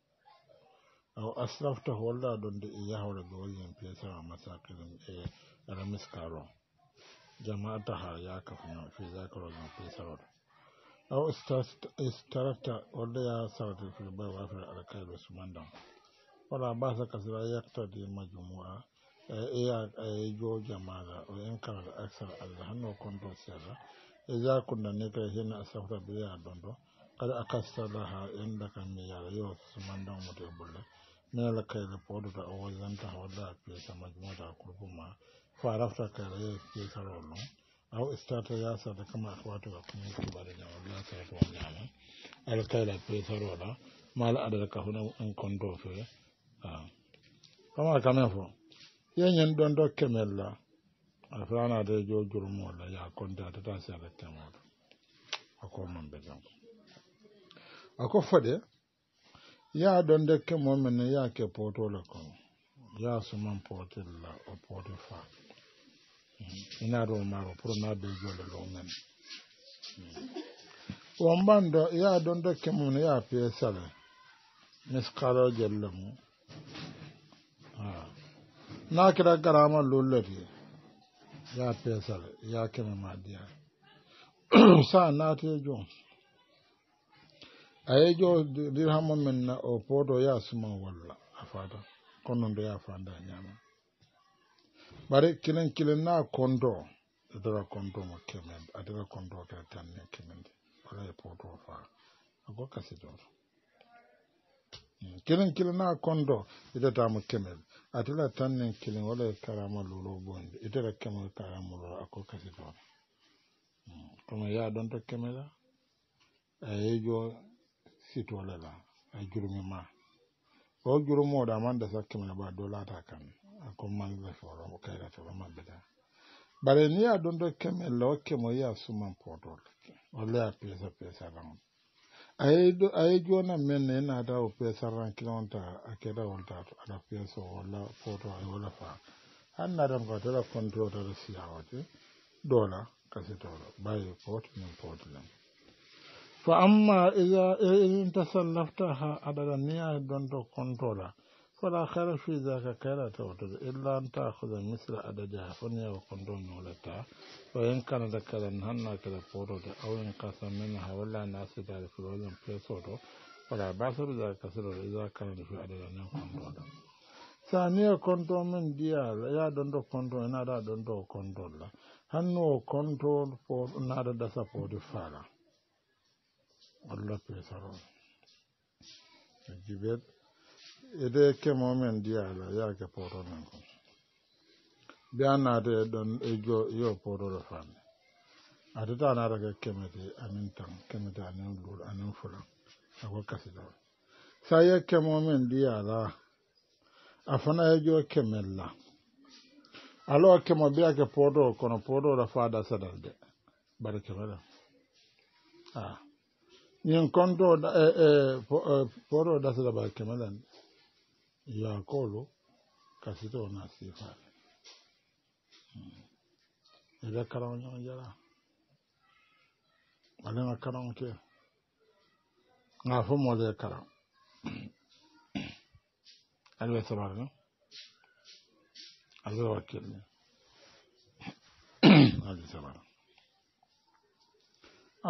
aw asrafta holla ɗonde e yahore ɓe wallihen pesawa masakirin e aramis caron jama'ata ha yakafño fi zakaroɗon pesaroɗo aw istarafta holla yaha sawte fil bay wafir alkaido sumandan wala basa da yaktadi majumua eh, yi eh, jo jamaɗa o da aksar allah hanno konto serra e jakunna ni kay hena asrafta asafta biya ɗon kada a da kastalaha en kan yi yara yau su mandan mutu wata bulle nela kai mela kayle poɗuta o wallanta walla peesa majmuta kurkuma fo a rafta kayle peesarol ɗum aw stata yasata kama akwatuka kuma kibare ñama walla sayto o ñama ala kayla peesarola mala adata kahuna en konto fe kama kamen fo yeñen ɗon ɗo la a fanade jo la ya konte atata seeɗa kemoɗo ako mamɓe jam ako foɗe ya don dekke mo men ya ke poto la ko ya su man poto la o poto fa hmm. ina ro maro pro na be go le lo men won ya don dekke mo men ya pe sale mis karo jelle mu na kira karama lollati ya pe sale ya kema madiya sa na te jon a yejo dirhamo min na o pooto ya suma walla a fata konnondo ya fanda ñama bari kilen kilen na kondo adara kondo mo kemen adara kondo kala tanne kemen wala ya e poto fa ago kasi joto hmm, kilen kilen na kondo ita ta idatamo kemen atala tannen kilen wala ya e karama lolo bonde idara kemo karama lolo ako kasi joto hmm, kuma ya don ta to kemela a yejo sitole la a jurumima o da sakke sakkimene ba ta kan ako da foro man mabbita bare ni a ɗon ɗo kemelle o kemo y'a suman potol walla a pesa yi aye na men ne nata o pesaran kilonta a keda woltato aɗa peso walla poto yi wala fa na dan kwatara tara control siya wace dola bayi poto ne poto ne فأما إذا إن تصنفتها على النية دون كنترولا فلا خير في ذاك كلا توتر إلا أن تأخذ مثل عددها فنيا وكنترول نولتا وإن كان ذكرا هنا كلا فورد أو إن قسم منها ولا ناس تعرف الوزن في صوته فلا بأس بذلك سرور إذا كان في عدد نعم، كنترولا ثانيا كنترول من ديال يا دون كنترول نارا دون كنترولا هنو كنترول فور نادر دسا فور فعلا walla pesaro e jibet ede kemo men diyala yake poto men ko be an naate ɗon e jo yo potoɗo fanne atata naata ke kemete amin tan kemete anen lul anen fula ako kasida sa ye kemo men diyala a fana ye jo kemel la alo kemo be ake poto kono potoɗo fada sadal de bare kemela ah. ñin konto eh, eh, eh, poro dasira ba kemelan yakolo kasito na sifale hmm. ega karaŋo ñoŋ jara aniŋ a ke ŋa fo moolu ye karaŋ ali be sabari ne ali ne ali sabara a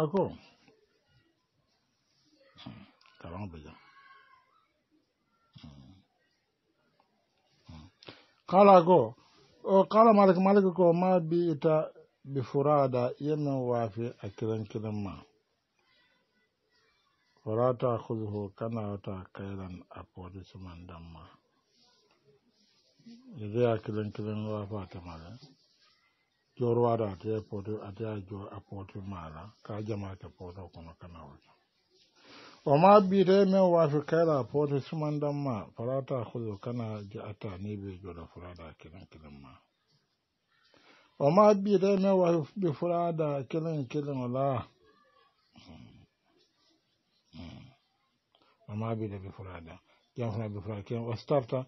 karan bija kala go o oh, kala malik malik ko ma bi ita bi furada yana wafe a kiran kiran ma furata khudhu kana ta kairan a podis mandan ma yanzu ya kiran kiran wafa ta mala jorwa da ta yi a ta yi a potu mala ka jama ta potu kuma kana wajen o ma biire min waafi kayra pooti sumandan ma farata hudu kana je ata ni be fura da kelen kelen ma o ma biire min waafi ɓe furada kelen kelen o laa bi ma biire ɓe furada jan fana ɓe furada kelen o starta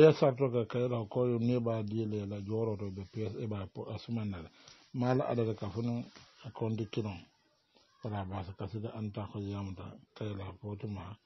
ye sartoka kayra koyo neɓa dilela joroto ɓe pes eɓa sumandare mala adada ka funu di kilon wala ba su kasi da an tako yamda kai la fotu ma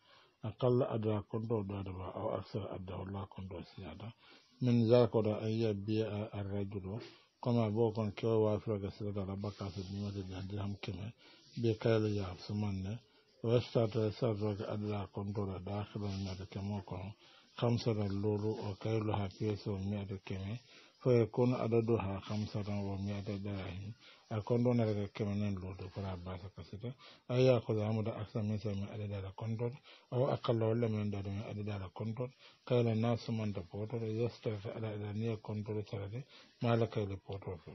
akalla adra kondo da da ba au aksar adda wala kondo siyada min za ko da ayya biya ar-rajulu kama bo kon kewa wa fura ga sira da baka su ni ma da dirham kime be kai la ya su manne wa stata sa ga adra kondo da dakhilan na da kemo kon خمسة اللولو وكيلها كيس ومئة كمي فيكون عددها خمسة ومئة دراهم a kondo na daga kemanin lodo kuna ba sa kasita a yi ako za mu da aksa min sami adada da kondo a wa akalla wala da domin adada da kondo kayan na su man mm. da poto da ya su mm. tafi adada ne da tare da da poto su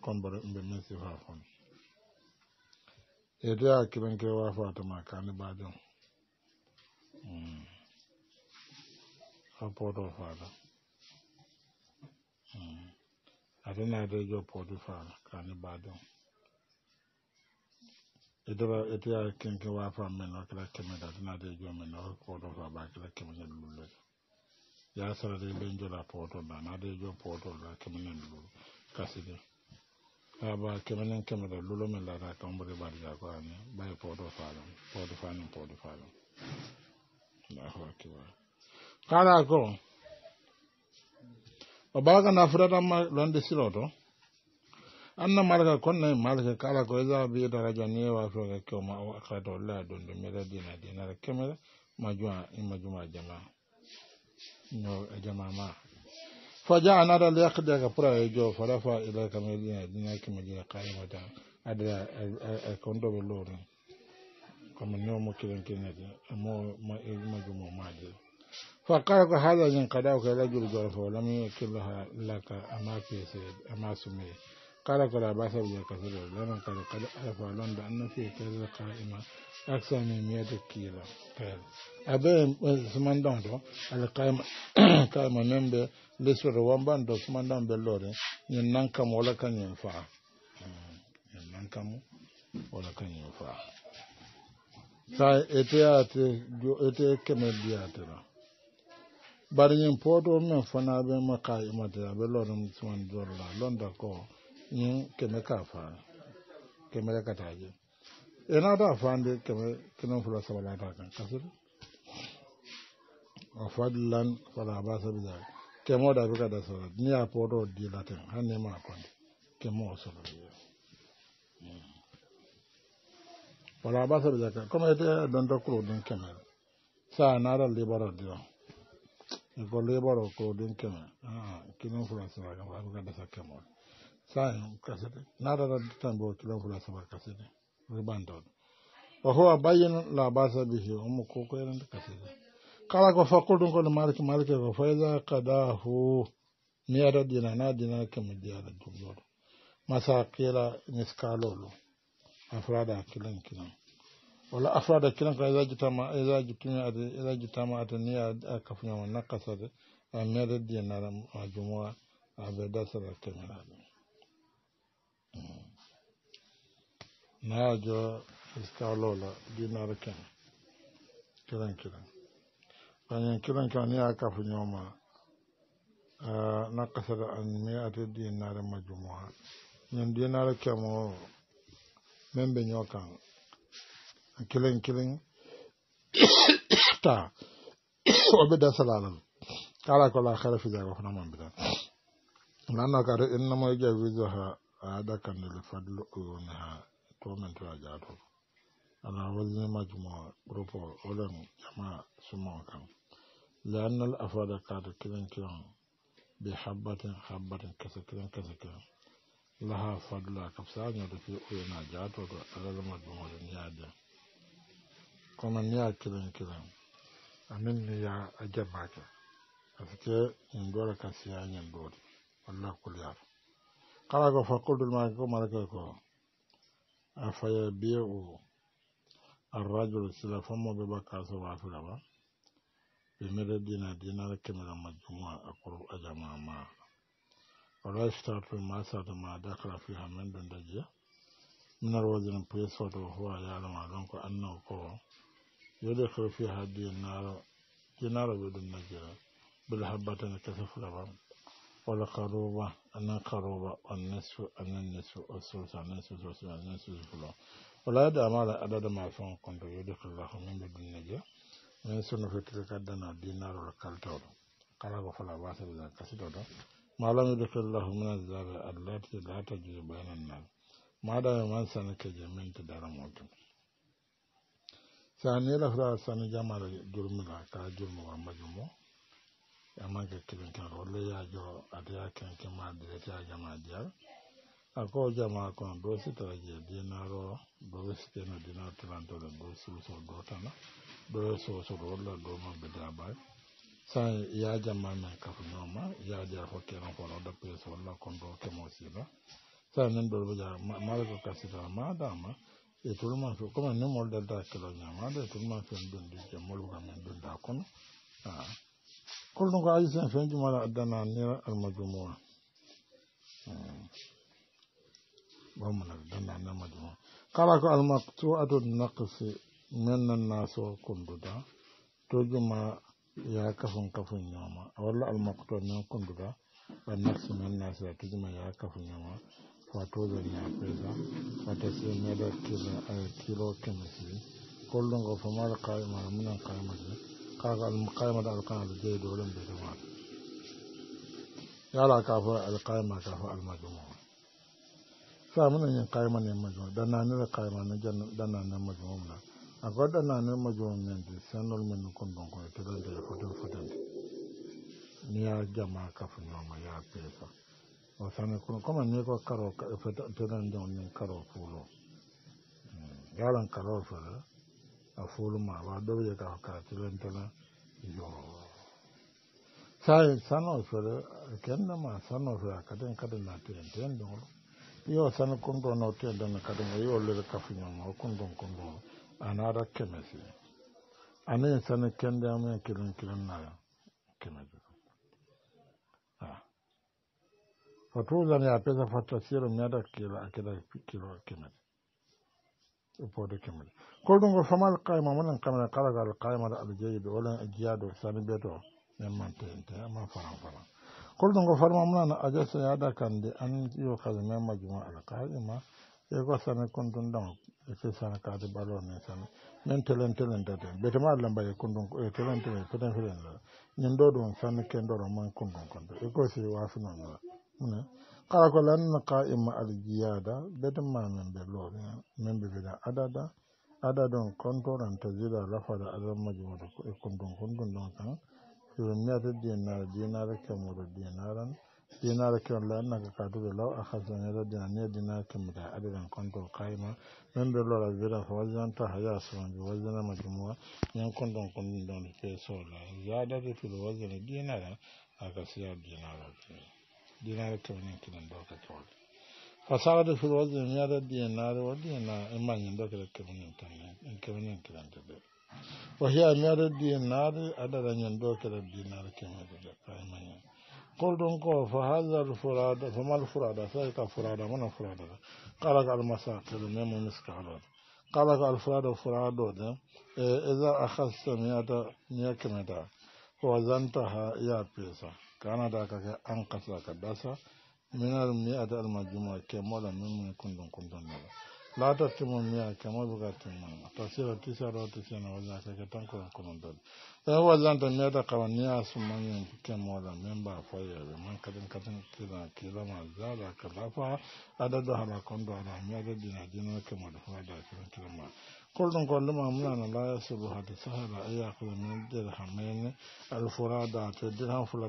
kombara da kiran kai ma ka ni ba poto fata atana da jo podi fala kani badon idaba ita ya kinki wa fa men wa kala kemi da atana n'a jo men wa ko do fa ba kala kemi ne lulu ya sara da ben jo la poto da na da jo poto da kemi ne lulu kasidi aba kemi na kemi da lulu men la da kan bure ba ya ko ani ba poto fala poto fala poto fala Allahu akbar kala ko o balaga na furatama londe siloto anna malaka konna malaka kala ko eza bi daraja ni wa fi ga ko ma wa ka do la don do mera dina dina kamera majuma majuma jamaa no jamaa ma faja anara da yaka daga fura jo farafa ila kamar dina dina ki madina kai mata adra a kondo be lori kamar ne mu kiran kiran ne mo ma ma jumo ma dina فقال هذا من قداك رجل ظرف ولم يكلها لك أما كيسيد أما سمي قال فلا بأس بي كثير لما قال قد أعرف لون بأن في كذا قائمة أكثر من مئة كيلو كيل أبين سمان دونتو على قائمة قائمة من بي لسر وانبان دو سمان دون بلوري ينان كم ولا كان ينفع ينان كم ولا كان ينفع sa ete ate ete kemediate la bari ñin pooto men fana ɓe mo ka imatea ɓe lonum suman dorla londa ko ñin keme ka e ka taa faa kemere kataje enata fande keme kenen fula sabalata kan kasiri o fadlan fala basa bi dalik kemoɗa ka kada sora ni ya pooto dilaten hannema konde kemo o soloye wala basa bi dalik comme ete ɗon dokkuro ɗum kemere sa na naɗa libara diran il faut lebaro ko ɗum keme kilon fula saba kam aɓe ka dasa kemol sahen kasete naɗata tan saba o la kala ko fakko ɗum kono malke malke ko fayda kadahu mi aɗa ɗina na ɗina kemi di aɗa jumloɗo masa kila miskalolu afrada kilan kilan wala afrada kilan ka iza gitama iza gitumi ade iza gitama ade ni a kafunya wannan kasa da amma mere da na a jumuwa a bai da sa da kamera na ya jo iska lola dinar kan kiran kiran bayan kiran kan ni a kafunya ma na kasa da an mere ade dinar majumuwa nan dinar kamo membe nyokan kiliŋ kilin ta o be dasalalal kala kola fi fijago fana man bitan nanno kata innamo jawisaha ada da fadlu uyuniha tomen to a to ala wasni majmo grupo olan jama sumon kan al afada da kilin kiliŋ bi habbatin habbatin kasa kilin kasa kiliŋ laha fadla ne da fi uyina ja to alalma ya da kɔnɔ ne y'a kelen kelen ani ne y'a a jɛ ba kɛ parce que n bɔra ka se a ɲɛ dɔ de wala kuliya k'ala ko fɔ ko dulu ma ko ko a fa ye bi ye o arajo sila fɔ mɔ bɛ ba k'a sɔrɔ a fila ba dina dina de kɛmɛ la ma juma a kɔrɔ a jama ma wala ye sita to ma sa to ma da kala fi hamɛ dɔn da jɛ minarwa jɛn pe a yaala ma dɔn ko an n'o Yudifin fiye a biyu na a rawa. Dinaro biyu da mu na jira. Bilha ɓata ne kasafla a ma. Wala Karoɓa ana Karoɓa a nesfo anan a sosa nesfo a sosa anan nesfo a Wala yadda ya ma adada masu wankan ta yudifin raa ko min biyu na je? Mun sun fitiri ka dana dinarar kal taro. Kala ba ta biya kashi da ruwa. Malami dafiyar raa ko munazira bai a da lafiya da ya ta jirgin bai na yi. Ma dama man sani ka je sani la fura sani jama la jurumu la ka jurumu wa majumu ya manke kilin kan rolle ya jo ate ya ken ken ma dire ya jama dia ako jama kon do si tara je dinaro do si tena dinaro tulanto la do si so do tana do so so rolla do ma bida ba san ya jama men ka fu noma ya dia fo ken ko ro da pe so la kon do ke mo si ba san nan do ja ma ko kasita ma dama e toluma fe comme ne mol dalda kelo ñamade e toluma fen dundi je moluka men dunda kono a kolno ko aji sen fen jumala addana nira almajumoa na addana nira majumoa kala ko almaktu ado naqsi men nan naso konduda to juma ya kafin kafin ñama walla almaktu men konduda a naqsi men naso to juma ya kafin ñama wato quattorze ni a présent wata si da kilo kemesi kollugo fomal kayma munen kaymati kaka kaymata alkanaɗo jeyi dolen ɓe ɗumaɗo yala ka fo alkayma ka fo almajumo sa muna yin kayma ne majumo ɗannanire kayma ne ɗannane majumo mna a ko ɗannane majumo menti sanar men kon ɗon koye kedande e fudin fudin ni ya jama kafu ñoma ya peesa o sani kuma kuma ne ko karo fitan da wani karo fulo yaron karo fulo a fulo ma ba dole ya ka karatilan tana yoro sai sano fulo kenda ma sano fulo kadin kadin na tiyan tiyan don yo sani kundo na tiyan don kadin yo lura kafin yamma kundo kundo anara kemesi anin sani kenda mai kilin kilin na kemesi fa tulani apesa fatta siro meeɗa kilo akida kilo kemede poodo kemede ko ɗum ko famal kayma monen kamene kalagal kaymata aɗa jeeyiɓe wolen e jiyaɗo sani biyeto min mantente ama faran faran kol ɗum ko farma munana ajasa yaada kandi an yo kadi men majuma ala kaima e a sani kondun ɗon e fe sani a ɓalo ni sani min telen telen tete betema allah mbaye kondun e telen telen feten feten la ñin ɗo sani ken kala ko ka ima aljiyada beden ma men ɓe loori min ɓe mbiɗa adada adadon kontoran tajida lafada adan majmuɗo e kundum kundum ɗon kan fimiyata dinara dinara kemmuɗo dinaran dinara kewon lannaka katuɓe law a hasanera dina ni dinara kemmuɗa adadan konto qayma min ɓe loora fa ko wajjanta haya sumanɓe wajjana majmua min kundun kundum ɗon ke sohla yadade wajen wajjana dinara aka siya dinara dinare kewni kinan ɗo ka cewol fasawade fil wasde mi ara diyenare o diyena e mañin ɗo kede kewnin tan en kewnin kinante ɗe o hiya mi ara diyenare aɗaɗa ñen ɗo kede dinare kemede ɗe ka e mañin قلتم قول فهذا الفرادة فما الفرادة فيك فرادة من الفرادة قالك المساقل ميم مسكالون قالك الفرادة فرادة إذا أخذت مئة مئة كمتا وزنتها يا بيسا kana da ka ga an kasa ka dasa minar mi a da almajuma ke mola min mai kundin kundin ne la ta timu mi a ke mola ga timu ta sira ti sara ta sira na wajen ka ke tan kuran kuran ɗan wajen ta mi da kawan a su man yin ke mola min ba foye da man kadin kadin kila kila ma zala ka lafa adadu halakon da ala mi da dina dina ke mola fa da kila kila ma kullum kullum muna na la yasulu hadu sahala ay yaqulu alfura da ta furada to da alfura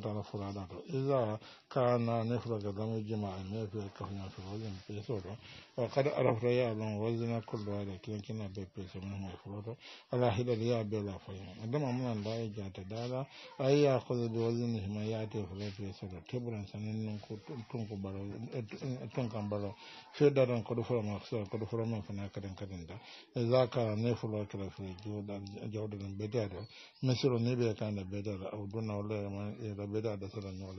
da ta iza ka na nifra ga zama jima'a ne fi kafin fi wajen peso to wa kada alfura ya lan na kullum da kiran kina bai peso mun mu furada ala hilal ya be la fa yin ma muna da ya jata dala ay yaqulu bi wajen hima ya ta fura peso to tebran sanin nan ko baro tun kan baro fi daran ko do fura ma ko do fura ma kana kadan kadan da kala ne kala fere jawɗanen bedade misiro ni ɓe kande bedade aw bedade sala o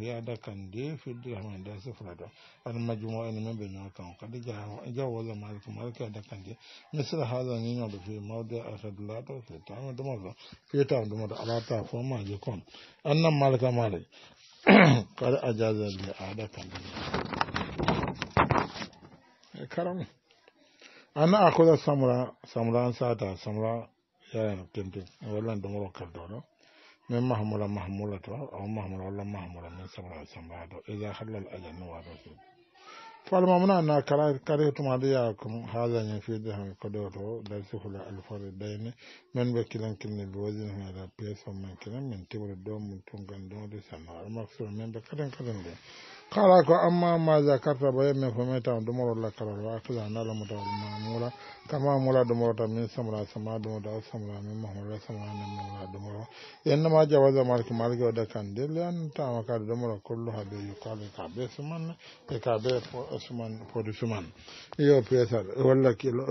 ja da sifrata an majumo ene men ɓe ñoo kan e kada ja walla malik malik yaada ni fi fi fi fo kon ajaza karam ana akoda samra samra sata samra ya tempe wala ndongoro kaldoro min mahmula mahmula to aw wala walla mahmula min samra samra do ida halal ajan wa do falma muna na kara kare tuma da ya kum hada ne fi da han kodo to da su hula alfar da ne men be kilan kilne bi wazin ha da pesa man kilan men tibur do mun tungan do da sana al maksud men be kadan kadan da kala ko amma ma zakarta bayan min fometa dumoro la karalo akila na la muta mamula kama mula dumoro ta min samra sama dumoro da samra min mahmura samra min mahmura dumoro yanna ma jawaza marki marki wada kan dille an ta maka dumoro kullu habe yuqalu ka be suman e ka be fo suman fo du suman yo pesa walla kilo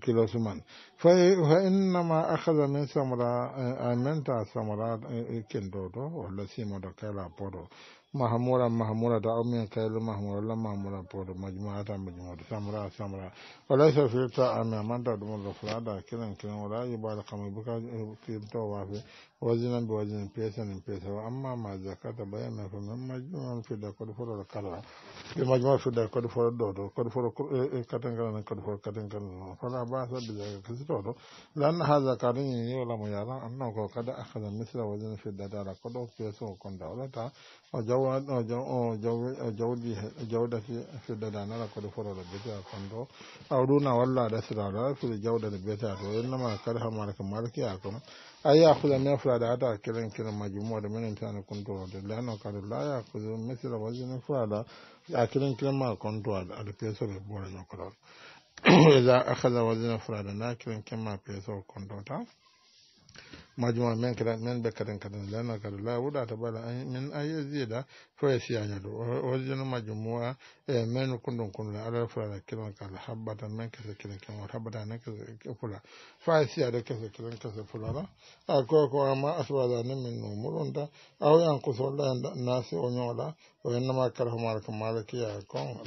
kilo suman fa fa inna ma akhadha min samra eh, amanta samra eh, kendo to walla simo da kala podo Mahamura Mahamura da amin kailu mahmura la mahmura podo majmu'a ta majmu'a samra samra wala sa fi ta amin man da dum da fulada kiran kiran wala ibada kamar buka fi to wa wazinan bi wajen pesa nin pesa ba amma ma zakata bayana fa min majmu'un fi da kod foro kala bi majmu'un fi da kod foro do do kod eh, eh, foro katan kana kod foro katan kana fala ba sa bi da kasi to do lan hadha kadin ni wala mu yaran anna ko kada akhadha misla wazin fi da dara kod o pesa o konda wala ta o jawad o jaw o jawdi jawda fi fi da dana kod foro da bi kondo awruna walla da sirara fi jawda da beta to inna ma karha malaka malaki akum a yi akwai zamiyar fura da hada kiran kiran majimu da minin ta na kundu da lana kada laya ku zo mace da wajen na fura a kiran da fesa da buwar na kura ya za a wajen na fura na kiran kiran ma fesa da kundu ta majuma men kada men be kadan kadan na kada la wuda ta bala min ayi zida fo ya siya ya do wajen majmuwa e eh, men kundun kun la ala fara kiran kala habata men kasa kiran kan habata ne kasa fula fa siya da kasa kiran kasa fula la a ko ko amma da ne min no murunta aw yan kusolla nasi onyola o yanna ma kala humar kamala kiya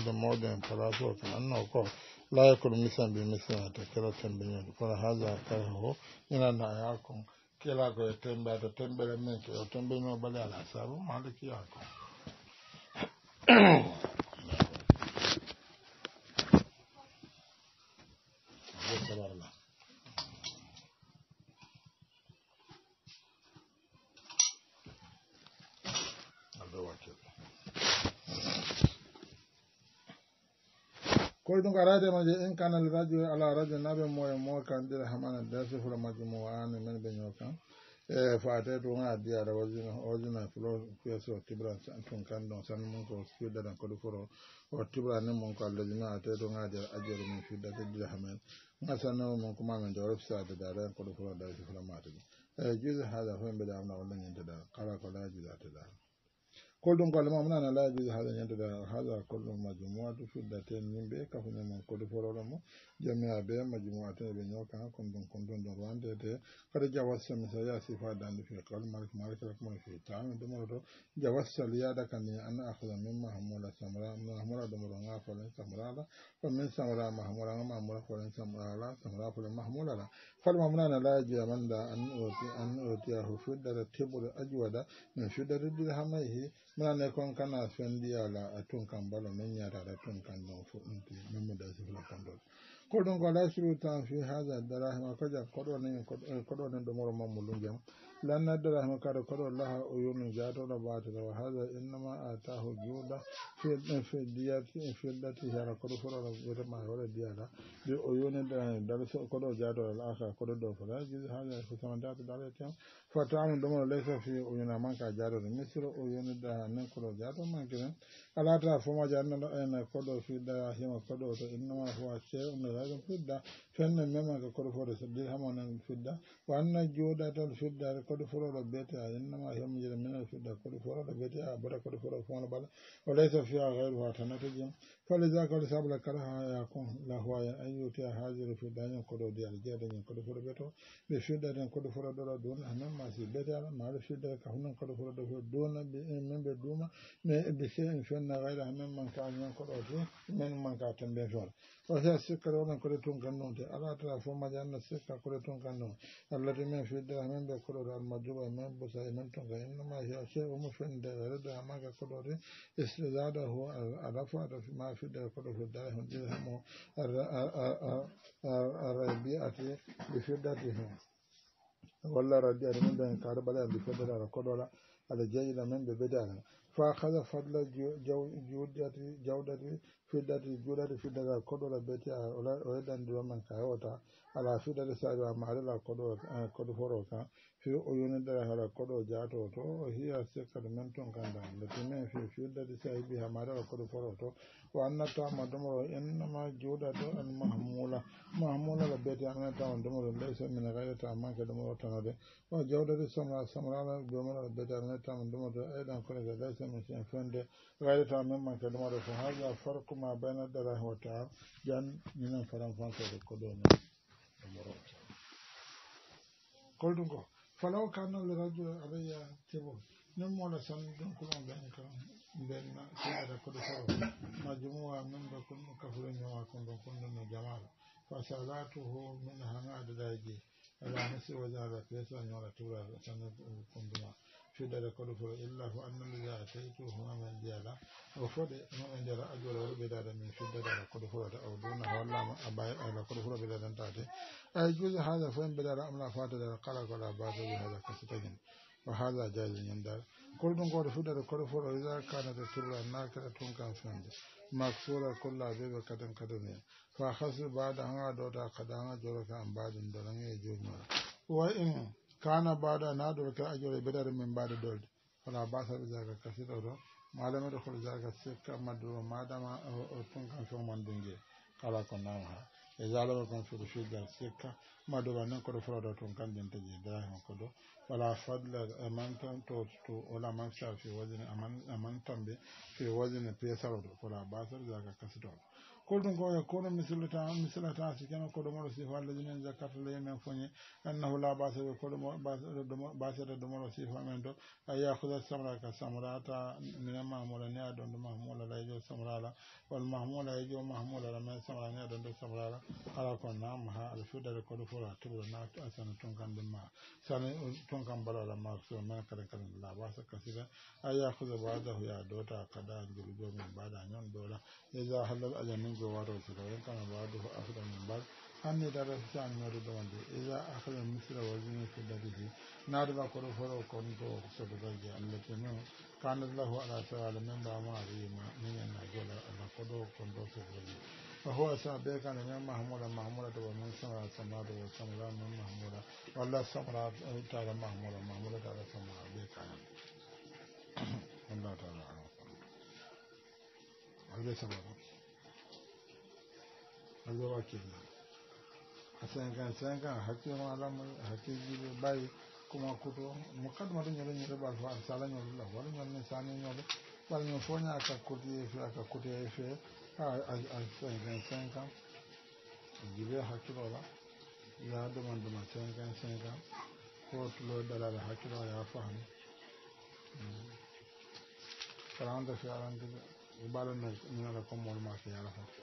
da modern palaso kan no ko la yakul misan bi misan ta kira karho na kela ko e tembato tembere men ke o tembeno bale ala sabu maliki yako Thank lá kol ɗum ko aradema in kana radio ala radio naɓe moye mo kan ɗira hamana dasi men e to o tibra tun kan ɗon san mum ko fiɗɗaɗan koɗo foro o tibra ni ko allaji ma to ajere dira kala Kullum ko alma muna na laabi haala ñanta da haala koldum majumuatu fiddaten min ɓe kafuña mon kode fororo mo jamia ɓe majumuaten ɓe ñoo kan kon ɗum kon ɗum ɗon wandete kada jawassami sa ya sifa dandi fi kawal da malikalakumon fi taami domoroto jawassal yaada kani an ahda min mahmula samra mahmula domoro ga folen samrala fo min falma muna na laabi amanda an oti an otiyahu fiddata teɓore ajwada min muna ne kon kana fendi ya atun kan balo men yara atun kan don fo nti men mu da sifla kondol ko don ko la shiru tan fi hada darahima ko ja ko do ne ko eh, do do moro mamulun jam لن ندر ما كار كرو لها ويوم جاتو رباتنا وهذا إنما آتاه جودة في في دياتي في التي هي كرو فرا غير ما هو ديالا بأيوم ويوم دران درس كرو جاتو الآخر كرو دو فرا جزء هذا كتمان جاتو دارتهم فتعم دمو ليس في أيوم ما كار جاتو مثل ويوم من نكرو جاتو ما كنا على ترى فما جاتنا أنا كرو في دياتي ما كرو إنما هو شيء من هذا في دياتي fenne mema ka koɗo foto so dirhamo nan fidda ko anna jooɗatal fiddare koɗo foroɗo beete a innama hemjire minal fidda koɗo foroɗo beete a bota koɗo foro fono bala o laysa fiha gayru ha tanata jam falisa kawle sabla kala ha ya kon la hoya an yuti a hajire fiddañen koɗo diyal jeedañen koɗo foro beeto ɓe fiddaten koɗo foro ɗoɗo duna anan ma si beete ala maɗo fiddare ka hunan koɗo foro ɗo fo duna min ɓe duma mais ɓe se en fenna gayra hamen man ka ñen koɗo te min man ka tembe وهي السكة الأولى كل تنكن نوت ألا ترى فما جعلنا السكة كل تنكن نوت التي من في الدرهم من بكل المجوع من بسعي من تنكن إنما هي شيء مفن دغير دهما كل استزاده الرفع ما في الدرهم كل في الدرهم درهم الربيعة بفدتهم ولا رجال من بين كاربلا بفدرة كل على جيل من ببدرة fa hada fadla juɗɗati jawɗati fiɗɗati juɗɗati fiɗɗata koɗola beti a o heɗɗandiroma ka hewta ala fiɗɗata saabi a maarila koɗo koɗo foro kan fi o yonidara hara koɗo jaato to o hiya sikkata men ton kandan le timen fi firdade sahibi ha maɗara to domoro an la domoro domoro samra domoro la domoro eh, sen fende domoro bayna dara jan faran domoro falaw kanno leradio araya tebo nin mola san donkulon ɓeni kan ɓenna siara koɗo soro majumuwa min ɓe kon kafuro ñowa kon ɗon konɗonno jamala fa salatuhu min hanga adadaji ala misi wajala pesa ñola tura sanne konduma fidare koɗo fo illa fo ya teytu homamen jeela o foɗe homamen jeela ajola wuro da min fiddade ala koɗo furote o duna hollama a baye ala koɗo furo ɓeydaden tate ay juuse haala fo en ɓeydade amla fatadere kala koɗa basoji haala kasitagin o haala jaji ñandal kolɗum goto fuɗɗere koɗo foro ida kanata turla nakata tun kan fende maksura kolla beɓe kadan kadaniya fa hasu hanga dota an kana baɗa na dol ka ajore bedare min mbaɗe dolde wala basa ɓe jaga kasiro to maɗama ɗo koɗo jaga sikka madduo maɗama o eh, eh, tun kan man mandungue kala ko na ha e jalaba kon fiɗo figal sikka maɗoba nen koɗo foroɗo tun kanjum da dahon ko do wala fadla amantan eh, to to wala mansa fi wajine aman amantanɓe fi wajine pesaro ɗo kola basar jaga kasitoro koldum ko e kono misilata misilata si kena koɗomoɗo sifa alladinen zakata ley men foñi annahu la basa koɗomo basere domoro sifa men to a yakuda samra ka samrata mine mahmoula ni a do mahmoula la ejo samrala wal mahmoula ejo mahmoula la men samra ni a ɗonɗo samrala ala ko nama ha aɗa fiɗare koɗo fo a tuɓra na asana tunkan ɗum ma sani tunkan balala makso men kare kadi labasa kasira a yakuda badahu ya dota kada jurgo min baɗa ñon ɗola eza halal ajanin kanjo da kilo yen kana ba do afda min bal hanni dara fitan ba ke kana lahu ala ta'ala min ba ma ri ma min na gola huwa sa min mahmuda mahmuda do min sama sama agora aqui asan kan san kan hakki bai kuma ba fa sala la wala ne wala ka e ka e a a san kan san kan ya da man da san kan san kan ko da ya fi ibalan na ko mol ma fa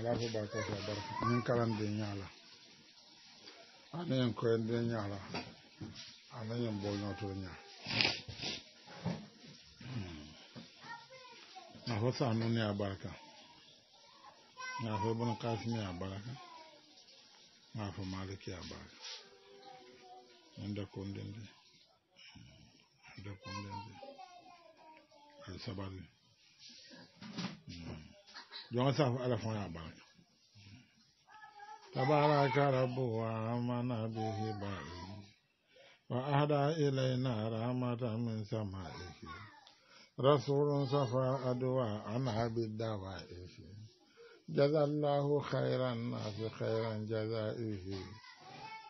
alafu barkatu ya barka min karan de nyala ana yin koyan de nyala ana yin bonyo to nya hmm. na ho sa no ne na ho bon ndị na ho ya ndị inda ndị ndị جون سافو على فون بان تبارك رب وآمنا به بائه وأهدى إلينا رحمة من سمائه رسول صفى أدواء بالدوائه جزى الله خيرا الناس خيرا جزائه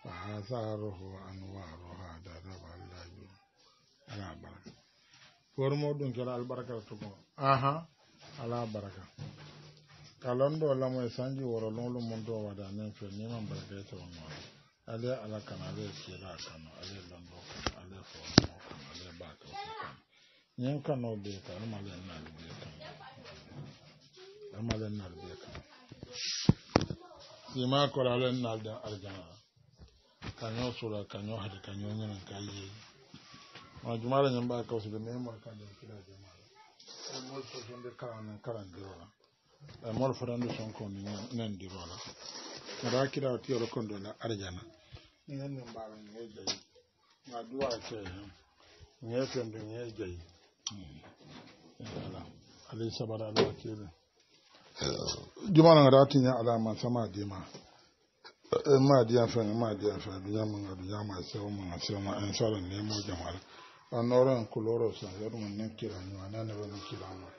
وآثاره أنوارها درب الله على بركة فورمو دونك على البركة أها على بركة Kalon do lamo e sanji woro lolu mun do wada nen fe ni man barke to no ale ala kana ale kira kana ale lando kana ale fo kana ale ba ka kana nyen kana be ka ma le na be ka ma le na be ta. si ma ko ale na da arjana kanyo sura kanyo hadi kanyo nyen kan yi ma jumala nyen ba ka so be me ma ka de kira jumala ko mo so jonde kana karan de wala e mol fotande sonko ni nandirola mbaɗa kirawo tiyoro kondola arjana ni hen no mbawa ñe jayi ma duwa ke hen ñe fendu ñe jayi voilà alay sabara ala wakkile jumana ngata tiña ala man sama dima ma diya fɛn ma diya fɛn duya mun ka duya ma sɛw mun ka sɛw ma ɛn sɔrɔ ne mo jamara a nɔrɔ in kulɔrɔ san yɔrɔ mun ne kira ɲuman ne ne bɛ ne kira ɲuman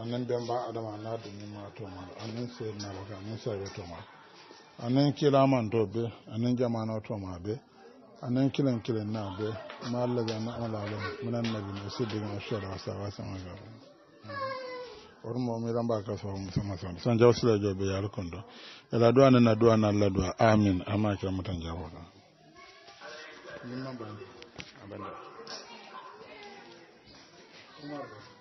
anan anin demba adama na ni ma to ma anan sai na ba ga baka anin to ma anan kila man to be anan na to ma be anan kilan kilan na be ma Allah ga na amala amalala mun annabi ne sai daga mashara wasa wasa ma ga wani mawami ran ba ka so sawa sama sama san jawo sila jobe ya rukundo ila duwa na duwa na laduwa amin amma kira mutan jawo ka Thank you.